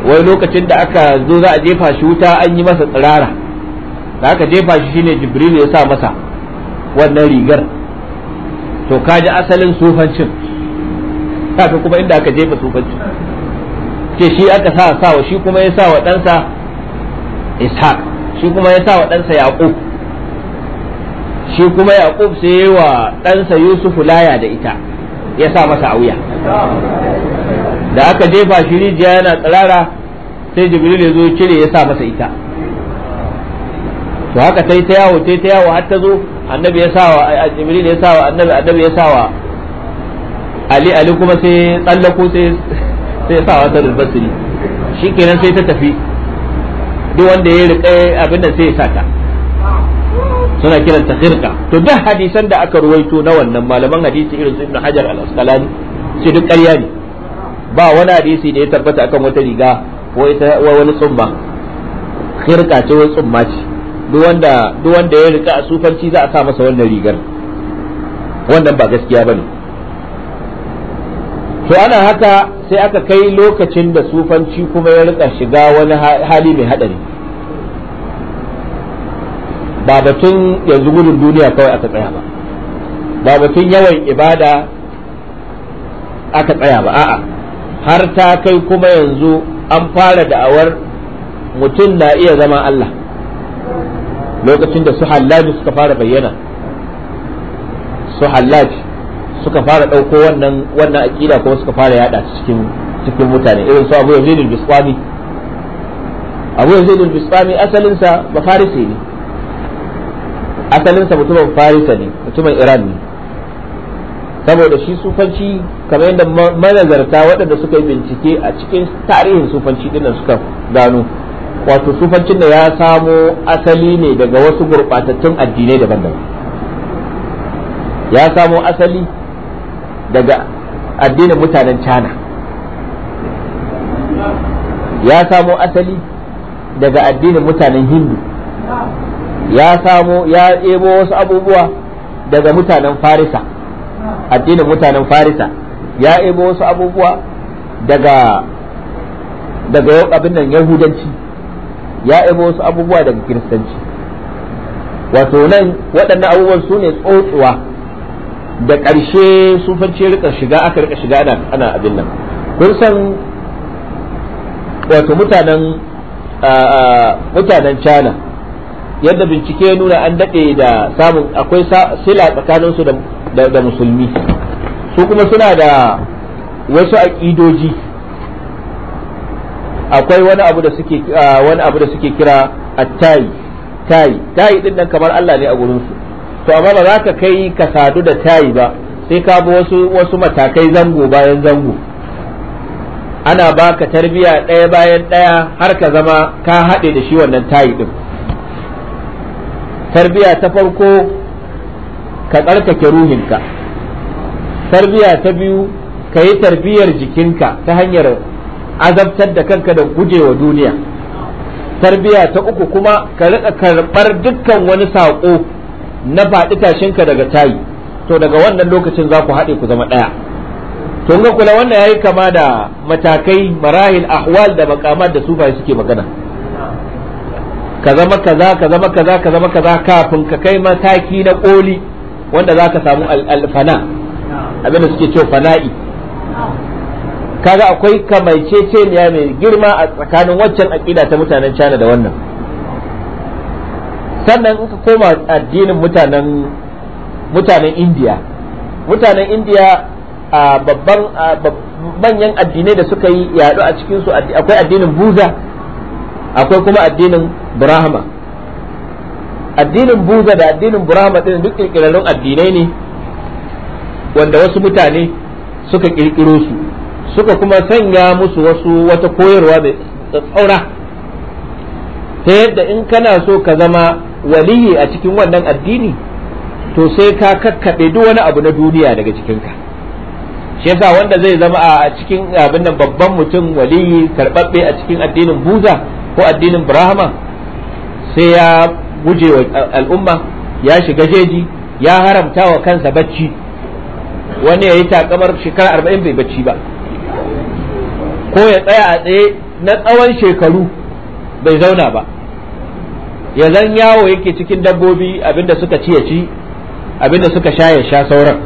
wai lokacin da aka zo za a jefa shi wuta an yi masa tsirara da aka jefa shi shine Jibril ya sa masa wannan rigar to ji asalin sufancin kaga kuma inda aka jefa sufancin ke shi aka sa sawa shi kuma ya sa wa ɗansa ishaq shi kuma ya sa wa ɗansa yaƙub shi kuma yaƙub sai ya wa ɗansa yusufu laya da ita ya sa masa a wuya da aka jefa shi rijiya yana tsirara sai jibril ya zo cire ya sa masa ita to haka tai ta yawo tai ta yawo har ta zo annabi ya sawa jibril ya sawa annabi annabi ya sawa ali ali kuma sai tsallako sai sai ya sawa sadar basri shikenan sai ta tafi duk wanda ya rike abin da sai ya saka suna kiranta khirqa to duk hadisan da aka ruwaito na wannan malaman hadisi irin su ibn hajar al-asqalani sai duk ƙarya ne ba wani hadisi da ya tabbata akan wata riga ko ita wani tsumma khirqa ce wani tsumma ce duk wanda ya rika a sufanci za a sa masa wannan rigar wannan ba gaskiya bane to ana haka sai aka kai lokacin da sufanci kuma ya rika shiga wani hali mai hadari ba batun yanzu gudun duniya kawai aka tsaya ba ba batun yawan ibada aka tsaya ba a'a har ta kai kuma yanzu an fara da'awar mutum na iya zama Allah lokacin da su hallaji suka fara bayyana su hallaji suka fara ɗauko wannan wannan aƙida kuma suka fara yada cikin cikin mutane irin su abu yazid al-bisqami abu yazid al-bisqami asalin sa farisi ne asalin sa mutumin farisa ne mutumin iran ne saboda shi sufanci kamar yadda manazarta waɗanda suka yi bincike a cikin tarihin sufanci dinnan suka gano wato sufancin da ya samo asali ne daga wasu gurɓatattun addinai daban-daban ya samo asali daga addinin mutanen China. ya samo asali daga addinin mutanen hindu ya samo ya ebo wasu abubuwa daga mutanen farisa addinin mutanen farisa ya ebo wasu abubuwa daga daga abin nan yahudanci ya ebo wasu abubuwa daga kiristanci wato nan waɗannan abubuwan su ne tsotsuwa da ƙarshe sufanci rika shiga aka rika shiga ana abin nan kun san wato mutanen mutanen China yadda bincike nuna an daɗe da samun akwai sila tsakaninsu da musulmi su kuma suna da wasu aƙidoji akwai wani abu da suke ah, wani abu da suke kira attai tai tai din nan kamar Allah ne a gurin su to amma ba za ka kai ka sadu da tai ba sai ka bi wasu wasu matakai zango bayan zango ana baka tarbiya ɗaya bayan ɗaya har ka zama ka haɗe da shi wannan tayi ɗin tarbiya ta farko ka tsarkake ruhinka tarbiya ta biyu ka yi tarbiyar jikinka ta hanyar azabtar da kanka da guje wa duniya tarbiya ta uku kuma ka rika karɓar dukkan wani saƙo na faɗi tashinka daga tayi to daga wannan lokacin za ku haɗe ku zama ɗaya to ga kula wannan yayi kama da matakai marahil ahwal da makamat da sufaye suke magana ka zama kaza ka zama kaza ka zama kaza kafin ka kai mataki na koli wanda za ka samu alfana abinda suke cewa fana'i kaga akwai ya mai girma a tsakanin waccan aƙida ta mutanen China da wannan sannan in ka koma addinin mutanen mutanen India mutanen India a babban manyan addinai da suka yi yaɗu a cikinsu akwai addinin buza akwai kuma addinin brahma addinin buza da addinin brahma ɗin duk ƙirƙirarrun addinai ne wanda wasu mutane suka ƙirƙiro su suka kuma sanya musu wasu wata koyarwa mai tsaura ta yadda in kana so ka zama waliyi a cikin wannan addini to sai ka kakkaɓe duk wani abu na duniya daga cikinka shi yasa wanda zai zama a cikin abin nan babban mutum waliyi karɓaɓɓe a cikin addinin buza ko addinin brahma sai ya guje wa al'umma ya shiga jeji ya haramta wa kansa bacci wani ya yi takamar shekara arba'in bai bacci ba ko ya tsaya a tsaye na tsawon shekaru bai zauna ba ya zan yawo yake cikin dabbobi abinda suka ci ya ci abinda suka sha ya sha sauran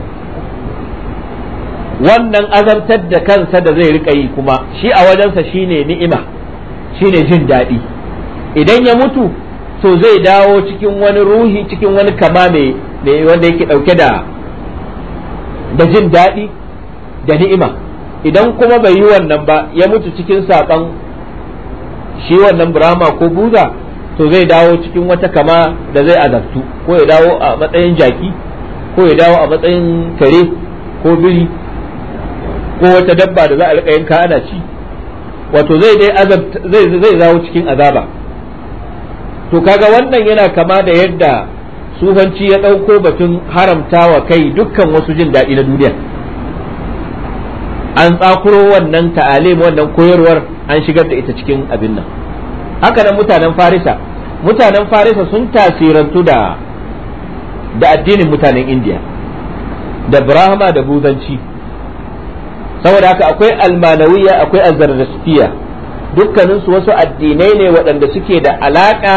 wannan azabtar da kansa da zai rika yi kuma shi a wajensa shine ni'ima shine jin daɗi idan ya mutu to zai dawo cikin wani ruhi cikin wani kama mai wanda yake ɗauke da da jin daɗi da ni'ima idan kuma bai yi wannan ba ya mutu cikin saƙon shi wannan burama ko buza to zai dawo cikin wata kama da zai azabtu ko ya dawo a matsayin jaki ko ya dawo a matsayin kare ko biri ko wata dabba da za a rika yanka ana ci wato zai dai zai zai dawo cikin azaba to kaga wannan yana kama da yadda sufanci ya ɗauko batun haramta wa kai dukkan wasu jin daɗi na duniya an tsakuro wannan ta'alim wannan koyarwar an shigar da ita cikin abin nan haka nan mutanen farisa mutanen farisa sun tasirantu da da addinin mutanen indiya da brahma da buzanci saboda haka akwai almanawiya akwai azarrastiya dukkaninsu wasu addinai ne waɗanda suke da alaƙa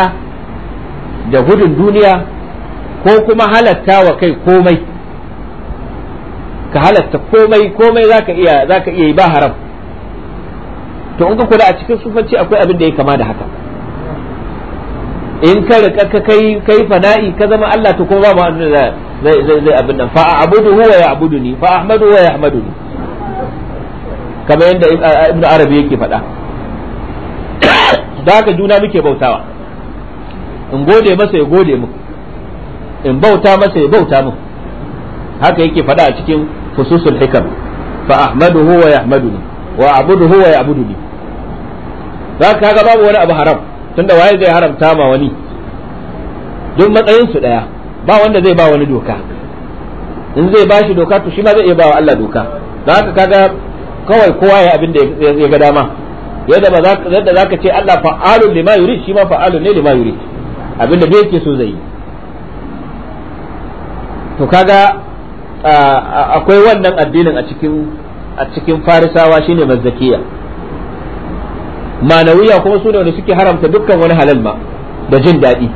da gudun duniya ko kuma halatta wa kai komai ka halatta komai komai zaka iya zaka iya yi ba haram to in ka kula a cikin sufanci akwai abin da ya kama da haka in ka rika ka kai kai fada'i ka zama Allah to kuma ba ma zai zai abin nan fa a'budu huwa ya'buduni fa ahmadu huwa ya'maduni kamar yadda ibnu arabi yake faɗa da haka juna muke bautawa in gode masa ya gode mu in bauta masa ya bauta mu haka yake faɗa a cikin khususul hikam fa ahmaduhu wa yahmaduni wa abuduhu wa ya'buduni za ka ga babu wani abu haram tunda waye zai haramta ma wani duk matsayin su daya ba wanda zai ba wani doka in zai ba shi doka to shi ma zai iya ba wa Allah doka za ka kaga kawai kowa ya abin da ya ga dama yadda ba yadda zaka ce Allah fa'alun lima yurid shi ne lima yurid abinda da yake so zai yi to ga. akwai wannan addinin a cikin a cikin farisawa shine mazzakiya manawiya kuma su ne wanda suke haramta dukkan wani halal ma da jin daɗi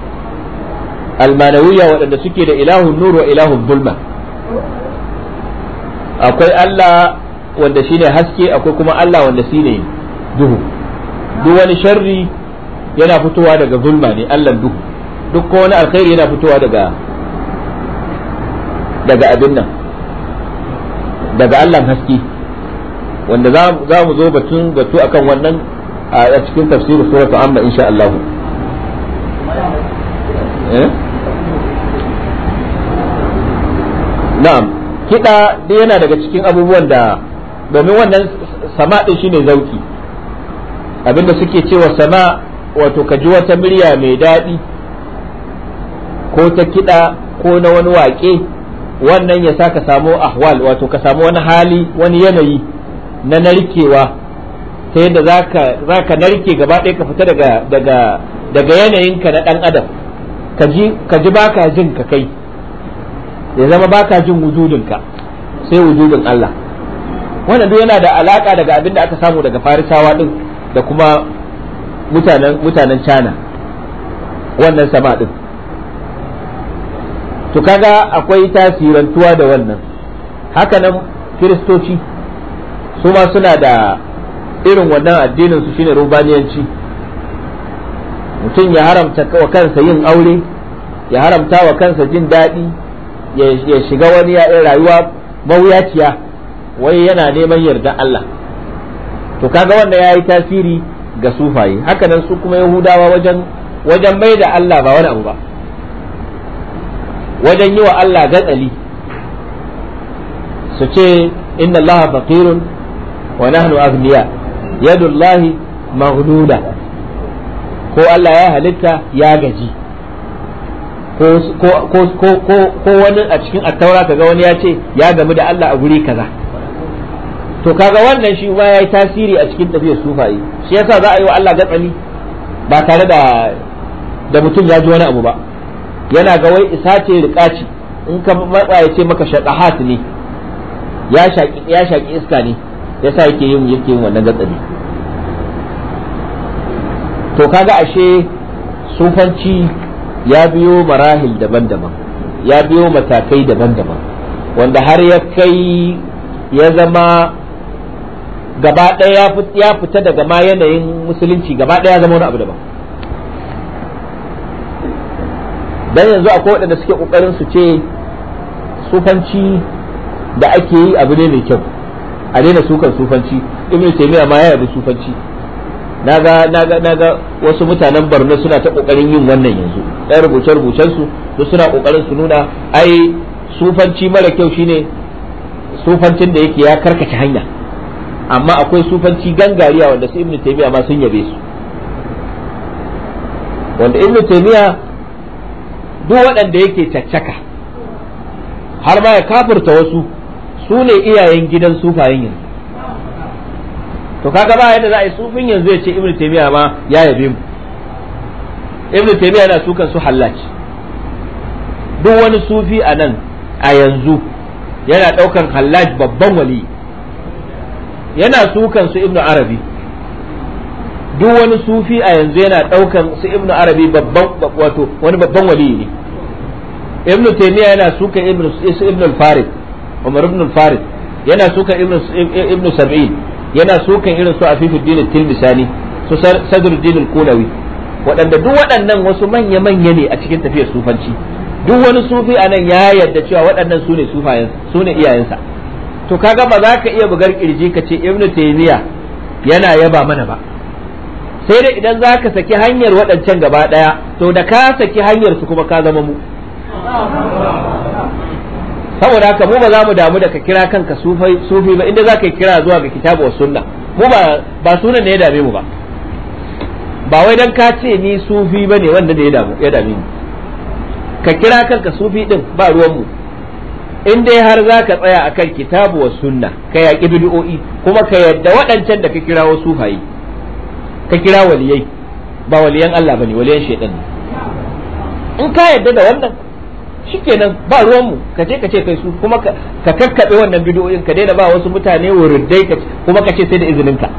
almanawiya waɗanda suke da ilahun nuru wa ilahun bulma akwai Allah wanda shine haske akwai kuma Allah wanda shine duhu duk wani sharri yana fitowa daga zulma ne Allah duhu duk wani alkhairi yana fitowa daga daga abin nan daga Allahn haske wanda za mu zo batun batu akan wannan a cikin tafsirin suratu amma insha Allah eh? na'am kiɗa dai yana daga cikin abubuwan da domin wannan sama ɗin shine zauki abinda suke cewa sama wato ka ji wata murya mai daɗi ko ta kiɗa ko na wani waƙe wannan ya sa ka samu ahwal wato ka samu wani hali wani yanayi na narkewa ta yadda za ka narke gaba ɗaya ka fita daga yanayinka na ɗan adam ka ji baka jin ka kai ya zama baka jin ka sai wujudin Allah wannan duk yana da alaka daga abin da aka samu daga farisawa ɗin da kuma mutanen mutanen China wannan sama ɗin. to kaga akwai tasirantuwa da wannan hakanan kiristoci su ma suna da irin wannan addinin su shine rubaniyanci mutum ya haramta wa kansa yin aure ya haramta wa kansa jin daɗi ya shiga wani rayuwa mawuyaciya wai yana neman yarda Allah to kaga wanda ya yi tasiri ga sufaye hakanan su kuma yahudawa wajen wajen mai da Allah ba wani abu ba wajen yi wa Allah gatsali su ce inna Allah faqirun wa nahnu aghniya yadu Allah maghlula ko Allah ya halitta ya gaji ko wani a cikin attaura kaga wani ya ce ya gamu da Allah a guri kaza to kaga wannan shi ma yayi tasiri a cikin tafiyar sufayi shi yasa za a yi wa Allah gatsali ba tare da da mutum ya ji wani abu ba yana ga wai isa ce riƙaci in ka matsa ya ce maka shaqahat ne ya shaƙi ya shaƙi iska ne ya sa yake yin yake yin wannan gatsari to kaga ashe sufanci ya biyo marahil daban-daban ya biyo matakai daban-daban wanda har ya kai ya zama gaba ɗaya ya fita daga ma yanayin musulunci gaba ɗaya ya zama wani abu daban dan yanzu akwai waɗanda suke ƙoƙarin su ce sufanci da ake yi abu ne mai kyau a daina sukan sufanci ibn taymiya ma ya yabi sufanci naga naga naga wasu mutanen Borno suna ta ƙoƙarin yin wannan yanzu ɗan rubuce rubucen su su suna ƙoƙarin su nuna ai sufanci mara kyau shine sufancin da yake ya karkace hanya amma akwai sufanci gangariya wanda su ibn taymiya ma sun yabe su wanda ibn taymiya duk waɗanda yake caccaka har ma ya kafurta wasu su ne iyayen gidan sufayen yanzu to kaga ba yadda za a yi sufin yanzu ya ce ibn taymiya ma ya yabe mu ibn taymiya na sukan su hallaci duk wani sufi a nan a yanzu yana ɗaukan hallaj babban wali yana sukan su ibn arabi duk wani sufi a yanzu yana daukan su ibnu arabi babban wato wani babban wali ne ibnu taymiya yana suka ibnu su ibnu al-farid umar ibn al-farid yana suka ibnu ibn sab'in yana suka irin su afifuddin tilmisani su sadruddin al-kunawi waɗanda duk waɗannan wasu manya manya ne a cikin tafiyar sufanci duk wani sufi a nan ya yarda cewa waɗannan su ne sufayen su ne iyayensa to kaga ba za ka iya bugar kirji ka ce ibnu taymiya yana yaba mana ba sai dai idan za ka saki hanyar waɗancan gaba ɗaya to da ka saki hanyar su kuma ka zama mu saboda haka mu ba za mu damu da ka kira kanka sufi ba inda za ka kira zuwa ga kitabu sunna mu ba sunan ne ya dame mu ba ba wai dan ka ce ni sufi ba ne wanda da ya dame ni ka kira kanka sufi din ba ruwan mu in dai har za ka tsaya a kan kitabu wa sunna ka yaƙi bid'o'i kuma ka yadda waɗancan da ka kira wasu sufaye. ka kira waliyai ba waliyan Allah bane waliyan shaitan in ka yadda da wannan shikenan ba ruwan mu ka je ka ce kai su kuma ka kakkabe wannan bidiyoyin ka daina ba wasu mutane wurdai ka kuma ka ce sai da izinin ka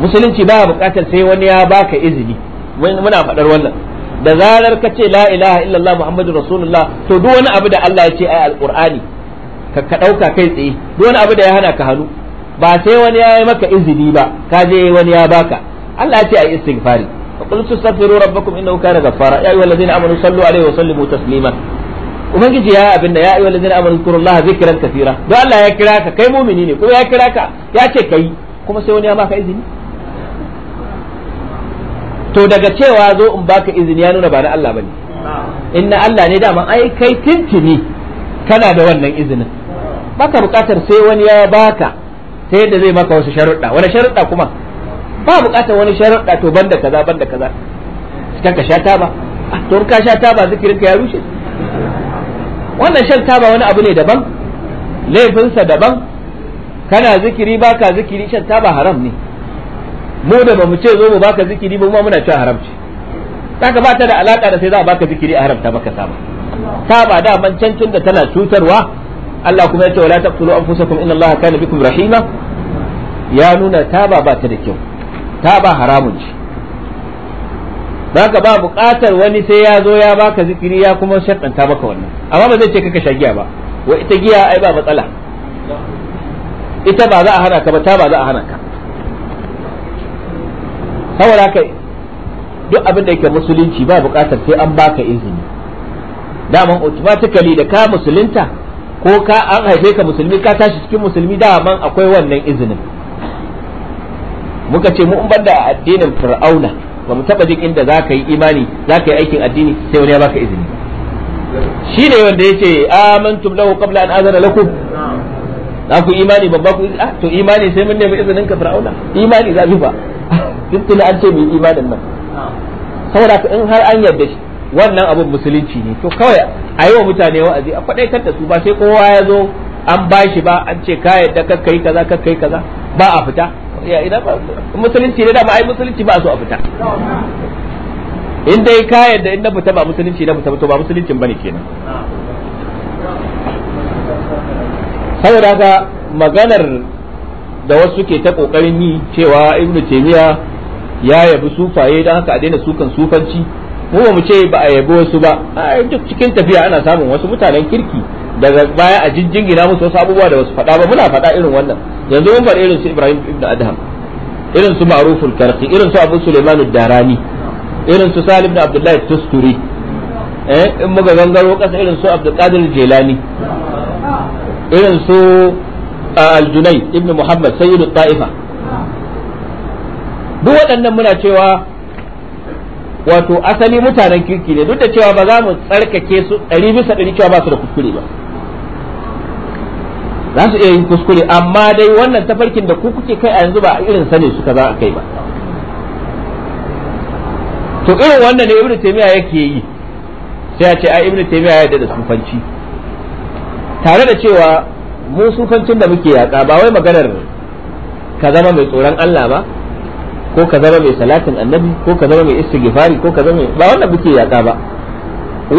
musulunci ba buƙatar sai wani ya baka izini muna faɗar wannan da zarar ka ce la ilaha illallah muhammadu rasulullah to duk wani abu da Allah ya ce ai alqur'ani ka ka dauka kai tsaye duk wani abu da ya hana ka hannu ba sai wani ya yi maka izini ba ka je wani ya baka Allah ya ce ayi istighfari fa qul tastaghfiru rabbakum innahu kana ghaffara ya ayyuhal ladzina amanu sallu alaihi wa sallimu taslima ubangiji ya abinda ya ayyuhal ladzina amanu zkurullaha zikran kathira don Allah ya kira ka kai mumini ne kuma ya kira ka ya ce kai kuma sai wani ya maka izini to daga cewa zo in baka izini ya nuna ba na Allah bane inna Allah ne dama ai kai tintini kana da wannan izinin baka bukatar sai wani ya baka ta yadda zai maka wasu sharuɗa wani sharuɗa kuma ba buƙatar wani sharuɗa to banda kaza banda kaza cikin ka sha taba ah, to ka sha taba zikirin ka ya rushe wannan shan taba wani abu ne daban laifinsa daban kana zikiri baka zikiri shan taba haram ne mu da bamu ce zo mu baka zikiri ba mu muna cewa haram ce saka ba ta da alaka da sai za a baka zikiri a haramta maka taba taba da man da tana cutarwa Allah kuma ya ce wala taqtulu anfusakum inna Allah kana bikum rahima ya nuna taba ba ta da kyau taba haramun ce baka ba buƙatar wani sai ya zo ya baka zikiri ya kuma shaddanta maka wannan amma ba zai ce kaka shagiya ba wa ita giya ai ba matsala ita ba za a hana ka ba ta ba za a hana ka saboda kai duk abin da yake musulunci ba buƙatar sai an baka izini daman automatically da ka musulunta ko ka an haife ka musulmi ka tashi cikin musulmi daman akwai wannan izinin muka ce mu ban da addinin fir'auna ba mu taba jin inda za ka yi imani za ka yi aikin addini sai wani ya baka izini shi ne wanda ya ce amantum lahu qabla an azana lakum za ku imani babba ku a ah, to imani sai mun nemi izinin ka fir'auna imani za bi ba tuntun an ce mu yi imanin nan saboda in har an yarda shi wannan abun musulunci ne to kawai a yi wa mutane wa'azi a faɗaitar da su ba sai kowa ya zo an bashi ba an ce ka yarda kakkai kaza kakkai kaza ba a fita ya ina ba musulunci ne da ba ai musulunci ba so a fita in dai ka yadda in na fita ba musulunci na fita to ba musuluncin bane kenan saboda haka maganar da wasu ke ta kokarin yi cewa ibnu taymiya ya yabi sufaye don haka a daina sukan sufanci mu ba mu ce ba a yabi wasu ba a duk cikin tafiya ana samun wasu mutanen kirki daga baya a jingina musu wasu abubuwa da wasu faɗa ba muna faɗa irin wannan yanzu mun faɗi irin su Ibrahim ibn Adham irin su Ma'ruful Karqi irin su Abu Sulaiman darani irin su Salim ibn Abdullah Tusturi eh in muka gangaro kasa irin su Abdul Qadir Jilani irin su ah, Al-Junay ibn Muhammad Sayyidut Ta'ifa duk waɗannan muna cewa wato asali mutanen kirki ne duk da cewa ba za mu tsarkake su ɗari bisa ɗari cewa ba su da kuskure ba za su iya yin kuskure amma dai wannan tafarkin da ku kuke kai a yanzu ba irin sane suka za a kai ba to irin wannan ne ibnu taymiya yake yi sai a ce ai ibnu taymiya ya yarda da sufanci tare da cewa mu sufancin da muke yaka ba wai maganar ka zama mai tsoron Allah ba ko ka zama mai salatin annabi ko ka zama mai istighfari ko ka zama ba wannan muke yaka ba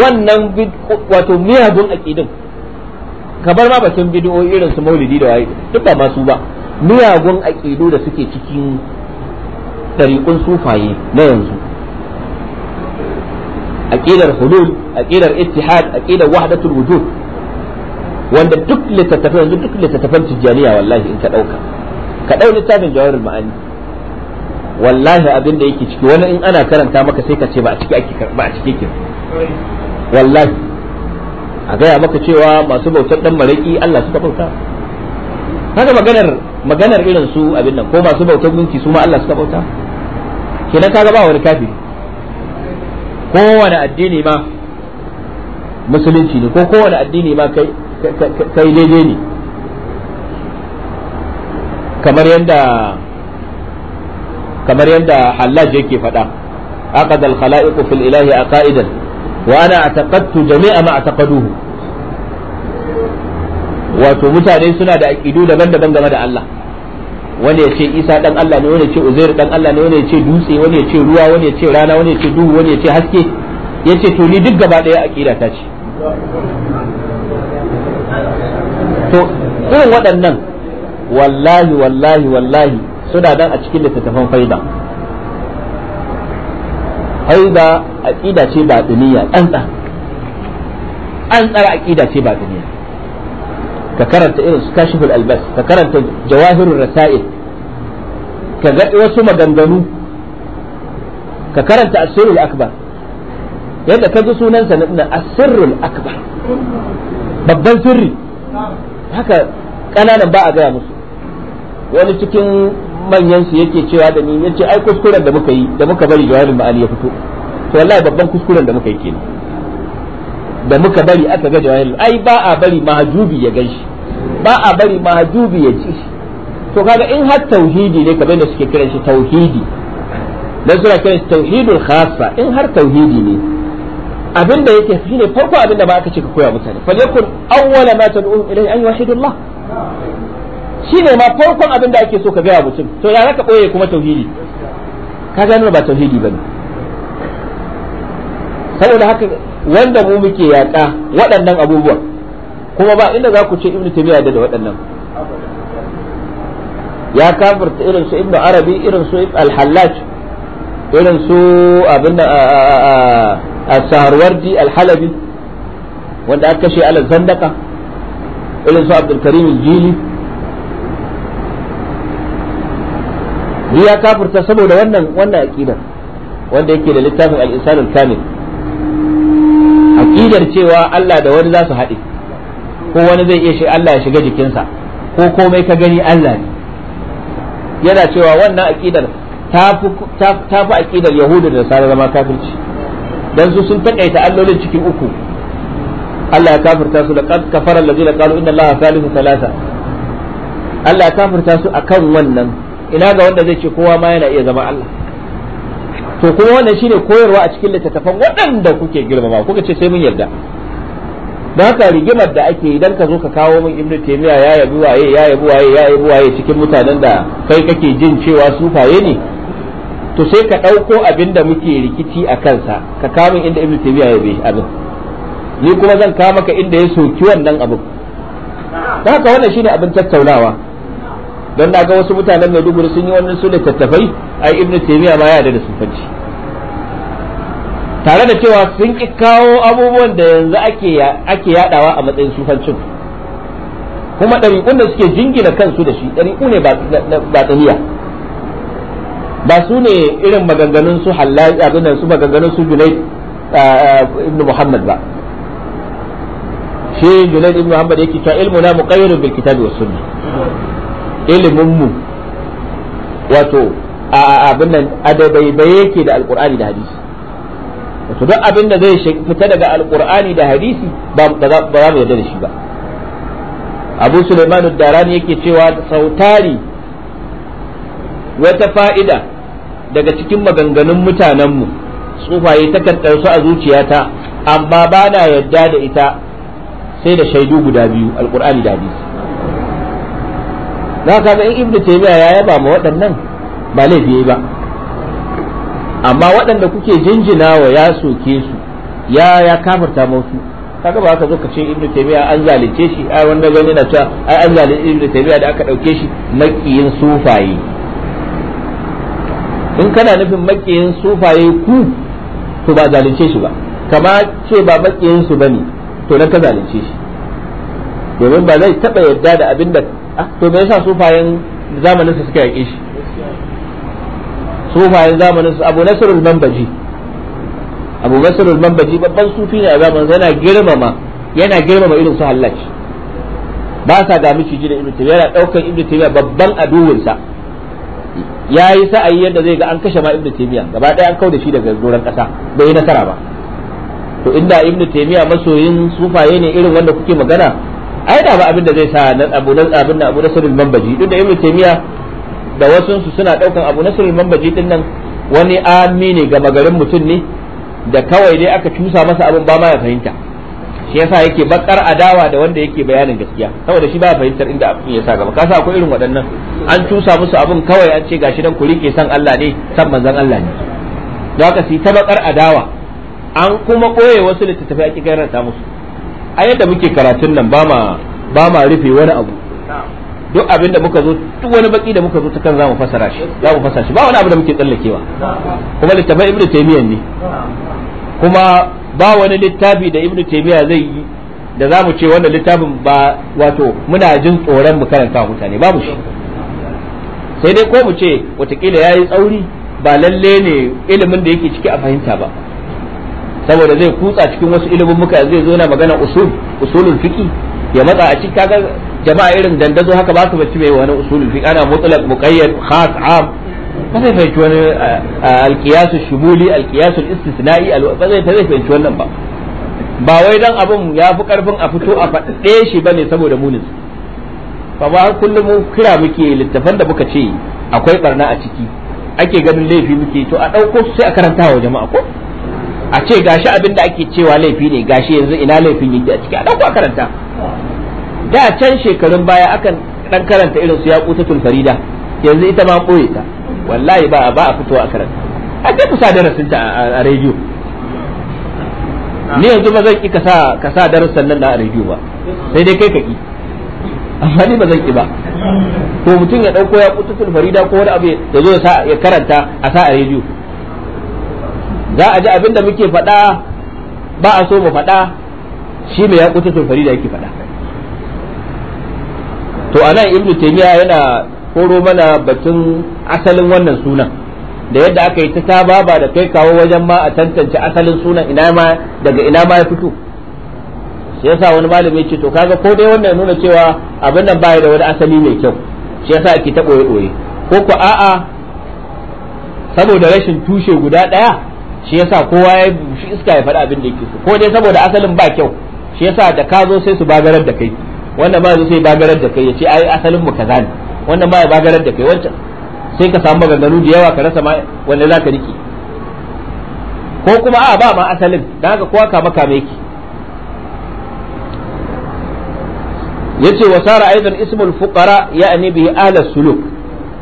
wannan wato miyagun aqidin kabar ma batun bid'o irin su maulidi da waye duk ba masu ba miyagun aqidu da suke cikin tariqun sufaye na yanzu aqidar hulul aqidar ittihad aqidar wahdatul wujud wanda duk littattafan yanzu duk littattafan tijjaniya wallahi in ka dauka ka dau littafin jawahirul ma'ani wallahi abin da yake ciki wani in ana karanta maka sai ka ce ba a ciki ake ba a ciki ke wallahi a gaya maka cewa masu bautar dan maraki Allah suka bauta haka maganar maganar irin su abin nan ko masu bautar gunki su ma Allah suka bauta kenan kaga ba wani kafiri kowane addini ma musulunci ne ko kowane addini ma kai kai daidai ne kamar yadda kamar yadda Hallaj yake faɗa aqad al-khalaiq fil ilahi aqaidan wa ana ataqattu jami'a ma ataqaduhu wato mutane suna da aƙidu daban-daban game da Allah wani ya ce Isa ɗan Allah ne wani ya ce Uzair ɗan Allah ne wani ya ce dutse wani ya ce ruwa wani ya ce rana wani ya ce duhu wani ya ce haske ya ce to ni duk gaba ɗaya aqida ta ce to irin waɗannan wallahi wallahi wallahi suna dan a cikin littattafan faida haida aqida ce ba duniya tsantsa an tsara aqida ce ba duniya ka karanta irin su kashiful albas ka karanta jawahirul rasail ka ga wasu maganganu ka karanta asirul akbar yadda ka ji sunansa na asirul akbar babban sirri haka kananan ba a gaya musu wani cikin manyan su yake cewa da ni yace ai kuskuren da muka yi da muka bari jawabin ma'ani ya fito to wallahi babban kuskuren da muka yi kenan da muka bari aka ga jawahir ai ba a bari mahajubi ya gan ba a bari mahajubi ya ci shi to kaga in har tauhidi ne kamar da suke kiran shi tauhidi dan suna kiran shi tauhidul khassa in har tauhidi ne abin da yake ne farko abin da ba aka ce ka koya mutane falyakun awwala ma tad'u ilayhi an yuhidullah ne ma farkon abin da ake so ka gaya mutum to ya ka boye kuma tauhidi ka gano ba tauhidi ba ne saboda haka wanda mu muke yaƙa waɗannan abubuwan kuma ba inda za ku ce ibnu tabiya da waɗannan ya kafirta irin su ibnu arabi irin su al-hallaj irin su abin as al-halabi wanda aka kashe ala zandaka irin su abdul karim jili duk ya kafirta saboda wannan wannan aqidar wanda yake da littafin al-insan al-kamil aqidar cewa Allah da wani za su haɗe ko wani zai iya shi Allah ya shiga jikinsa ko komai ka gani Allah ne yana cewa wannan aqidar ta fi aqidar yahudu da nasara zama kafirci dan su sun takaita allolin cikin uku Allah ya kafirta su da kafara allazina qalu inna allaha thalithu thalatha Allah ya kafirta su akan wannan ina ga wanda zai ce kowa ma yana iya zama Allah to kuma wannan shine koyarwa a cikin littattafan waɗanda kuke girmama kuka ce sai mun yarda da haka rigimar da ake idan ka zo ka kawo min ibnu taymiya ya yabi waye ya yabi waye ya yabi waye cikin mutanen da kai kake jin cewa su faye ne to sai ka ɗauko abin da muke rikici a kansa ka kawo min inda ibnu taymiya ya bi abin ni kuma zan kawo maka inda ya soki wannan abin da haka wannan shine abin tattaunawa don da ga wasu mutanen Maiduguri sun yi wannan su da tattafai ai ibnu taymiya ba ya da sufanci tare da cewa sun ki kawo abubuwan da yanzu ake ake yadawa a matsayin sufancin kuma ɗariƙun da suke jingina kansu da shi ɗariƙu ne ba tsaniya ba su ne irin maganganun su hallaji abin su maganganun su junai ibn muhammad ba shi junai ibn muhammad yake cewa ilmuna muqayyirun bil kitabi was sunnah iliminmu wato a abin nan adabai-bai yake da alkur'ani da hadisi wato duk abin da zai fita daga alkur'ani da hadisi ba za mu yarda da shi ba abu suleimanu darani yake cewa sautari wata fa'ida daga cikin maganganun mutanenmu tsufaye takan ɗarsu a zuciyata amma ba na yarda da ita sai da shaidu guda biyu alkur'ani da hadisi za ka ga in ibnu taymiya ya yaba ma waɗannan ba laifi ba amma waɗanda kuke jinjina wa ya soke su ya ya kafarta musu kaga ba ka zo ka ce ibnu taymiya an zalunce shi ai wanda gani na cewa ai an zalunce ibnu taymiya da aka dauke shi makiyin sufaye in kana nufin makiyin sufaye ku to ba zalunce shi ba kama ce ba makiyin su bane to na ka zalunce shi domin ba zai taba yarda da abin da Ah, to me yasa sufayen zamanin su suka yake shi sufayen zamanin su abu al manbaji abu al manbaji babban sufi ne a zamanin yana girmama yana girmama irin su Hallaj ba sa ga miciji da ibnu Taymiyyah yana daukar ibnu Taymiyyah babban aduwin ya yi sa'ayi yadda zai ga an kashe ma ibnu Taymiyyah gaba ɗaya an kauda shi daga zuran ƙasa bai yi nasara ba to inda ibnu Taymiyyah masoyin sufaye ne irin wanda kuke magana ai da ba abin da zai sa nan abu nan abin da abu nasrul mambaji duk da ibnu taymiya da wasu su suna daukan abu nasrul mambaji din nan wani ami ne ga magarin mutum ne da kawai dai aka cusa masa abin ba ma ya fahimta shi yasa yake bakar adawa da wanda yake bayanin gaskiya saboda shi ba ya fahimtar inda abin ya sa gaba ka sa akwai irin waɗannan an cusa musu abin kawai an ce gashi dan ku rike san Allah ne san manzon Allah ne don haka su ta bakar adawa an kuma koye wasu littattafai a ta musu a yadda muke karatun nan ba ma rufe wani abu duk abin da muka zo duk wani baki da muka zo ta kan zamu fasara shi mu fasara shi ba wani abu da muke tsallakewa kuma littafin ibnu taymiya ne kuma ba wani littafi da ibnu taymiya zai yi da zamu ce wannan littafin ba wato muna jin tsoron mu karanta mutane babu shi sai dai ko mu ce watakila yayi tsauri ba lalle ne ilimin da yake ciki a fahimta ba saboda zai kutsa cikin wasu ilimin muka zai zo na magana usul usulul fiqi ya matsa a cikin kaga jama'a irin dandazo haka ba su bacci mai wani usulul fiqi ana mutlaq muqayyad khas am ba zai fahimci wani alqiyas shumuli alqiyas istisna'i ba zai fahimci wannan ba ba wai dan abin ya fi karfin a fito a faɗe shi bane saboda munin Fa ba kullum mu kira muke littafan da muka ce akwai barna a ciki ake ganin laifi muke to a ɗauko sai a karanta wa jama'a ko a ce gashi abin da ake cewa laifi ne gashi yanzu ina laifin yake a ciki a ɗauko a karanta da can shekarun baya akan dan karanta irin su yaqutatul farida yanzu ita ma ɓoye ta wallahi ba ba a fitowa a karanta a ce ku sa darasin ta a rediyo ni yanzu ba zan ki ka sa ka sa darasin nan a rediyo ba sai dai kai ka ki amma ni ba zan ki ba ko mutum ya dauko ya kututul farida ko wani abu ya zo ya karanta a sa a rediyo za a ji abin da muke faɗa ba a so mu faɗa shi mai ya kuta tunfari da yake faɗa to anan ibnu taymiya yana koro mana batun asalin wannan sunan da yadda aka yi ta baba da kai kawo wajen ma a tantance asalin sunan ina ma daga ina ma ya fito shi yasa wani malami ce to kaga ko dai wannan nuna cewa abin nan baya da wani asali mai kyau shi yasa ake ta boye boye ko ko a'a saboda rashin tushe guda daya shi yasa kowa ya shi iska ya faɗi abin da yake so ko dai saboda asalin ba kyau shi yasa da ka zo sai su bagarar da kai wannan ba sai bagarar da kai ya ce ai asalin mu kaza ne wannan ba ya bagarar da kai wancan sai ka samu maganganu da yawa ka rasa ma wanda zaka riki ko kuma a ba ma asalin dan haka kowa maka kame ki yace wa sara aidan ismul fuqara ya'ni bihi ahla suluk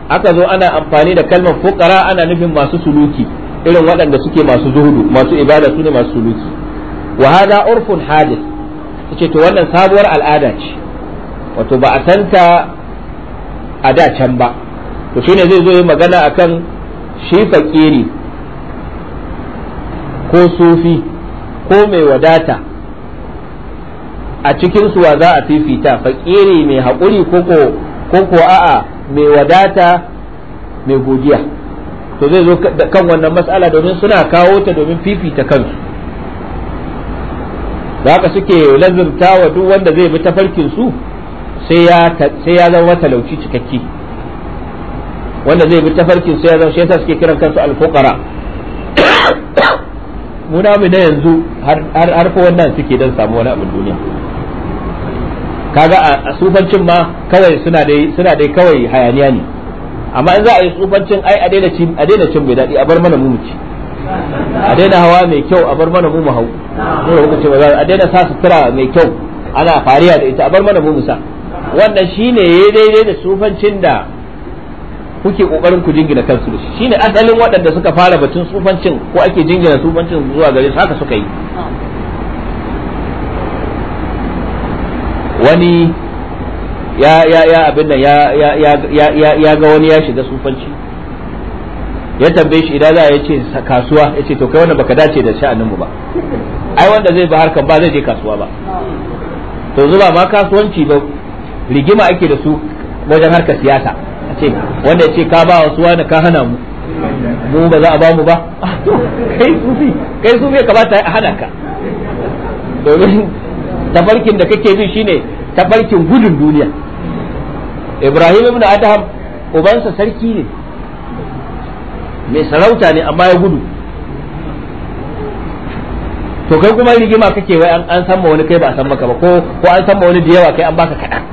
aka zo ana amfani da kalmar fuqara ana nufin masu suluki irin waɗanda suke masu zuhudu masu ibada su ne masu suluki wa hada urfun hadith kace to wannan sabuwar al'ada ce wato ba a santa a da can ba to shine zai zo yi magana akan shi fakiri ko sufi ko mai wadata a cikin suwa za a fifita fakiri mai haƙuri ko ko a'a mai wadata mai godiya to zai zo kan wannan matsala domin suna kawo ta domin fifita kansu da haka suke lazurta wa duk wanda zai bi tafarkin su sai ya zama talauci cikakke wanda zai bi tafarkin su ya zama shi suke kiran kansu alfukara muna mu na yanzu har har wannan suke dan samu wani abin duniya kaga a sufancin ma kawai suna dai suna dai kawai hayaniya ne amma in za a yi tsufancin ai a daina cin a daina cin mai daɗi a bar mana mu mu ci a daina hawa mai kyau a bar mana mu mu hau ne ku ce ba a daina sa sutura mai kyau ana fariya da ita a bar mana mu mu sa wannan shine yayi daidai da tsufancin da kuke kokarin ku jingina kansu da shi shine asalin waɗanda suka fara batun tsufancin ko ake jingina tsufancin zuwa gare su haka suka yi wani ya ya ya abin nan ya ya ya ga wani ya shiga sufanci ya tambaye shi idan za ya ce kasuwa ya ce to kai wannan baka dace da sha'aninmu ba ai wanda zai ba harkan ba zai je kasuwa ba to zuba ma kasuwanci ba rigima ake da su wajen harkar siyasa a ce wanda ya ce ka ba wasu wani ka hana mu mu ba za a ba mu ba ah, kai sufi kai sufi ya kamata a hana ka domin tafarkin da kake bi shine tafarkin gudun duniya ibrahim ibn adham ubansa sarki ne mai sarauta ne amma ya gudu to kai kuma rigima kake wai an san ma wani kai ba a san maka ba ko ko an san ma wani da yawa kai an baka kaɗan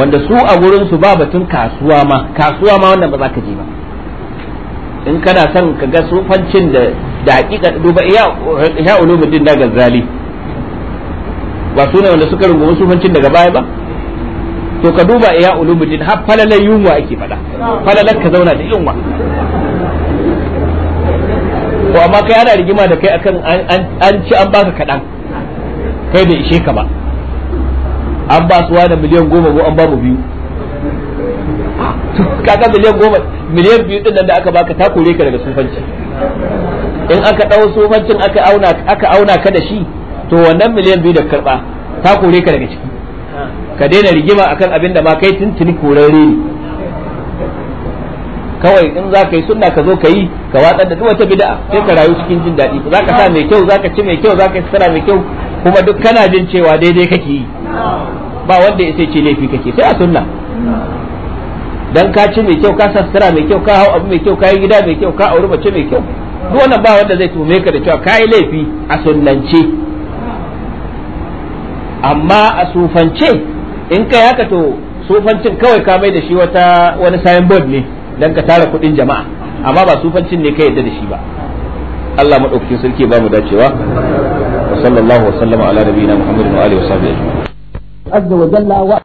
wanda su a gurin su ba batun kasuwa ma kasuwa ma wannan ba za ka je ba in kana son ka ga sufancin da da hakika duba iya iya ulumuddin da gazali ba su ne wanda suka rungumi sufancin daga baya ba to ka duba iya ulumuddin har falalar yunwa ake faɗa falalar ka zauna da yunwa ko amma kai ana rigima da kai akan an ci an baka kaɗan kai bai ishe ka ba an ba suwa da miliyan goma ko an ba mu biyu kaga miliyan goma miliyan biyu din nan da aka baka ta kore ka daga sufanci in aka ɗau sufancin aka auna aka auna ka da shi to wannan miliyan biyu da karba ta kore ka daga ciki ka daina rigima akan abin da ma kai tuntuni korare ne kawai in za ka yi sunna ka zo ka yi ka watsar da duk wata bid'a sai ka rayu cikin jin daɗi za ka sa mai kyau za ka ci mai kyau za ka yi sara mai kyau kuma duk kana jin cewa daidai kake yi ba wanda sai ce laifi kake sai a sunna dan ka ci mai kyau ka sassara mai kyau ka hau abu mai kyau ka yi gida mai kyau ka auri mace mai kyau duk wannan ba wanda zai tume ka da cewa ka yi laifi a sunnance amma a sufance in kai haka to sufancin kawai ka mai da shi wata wani sayan bird ne dan ka tara kudin jama'a amma ba sufancin ne kai yadda da shi ba Allah madaukakin sarki ba mu dacewa wa sallallahu wa sallama ala nabiyina Muhammadin wa alihi wa sahbihi ajma'in azza wa jalla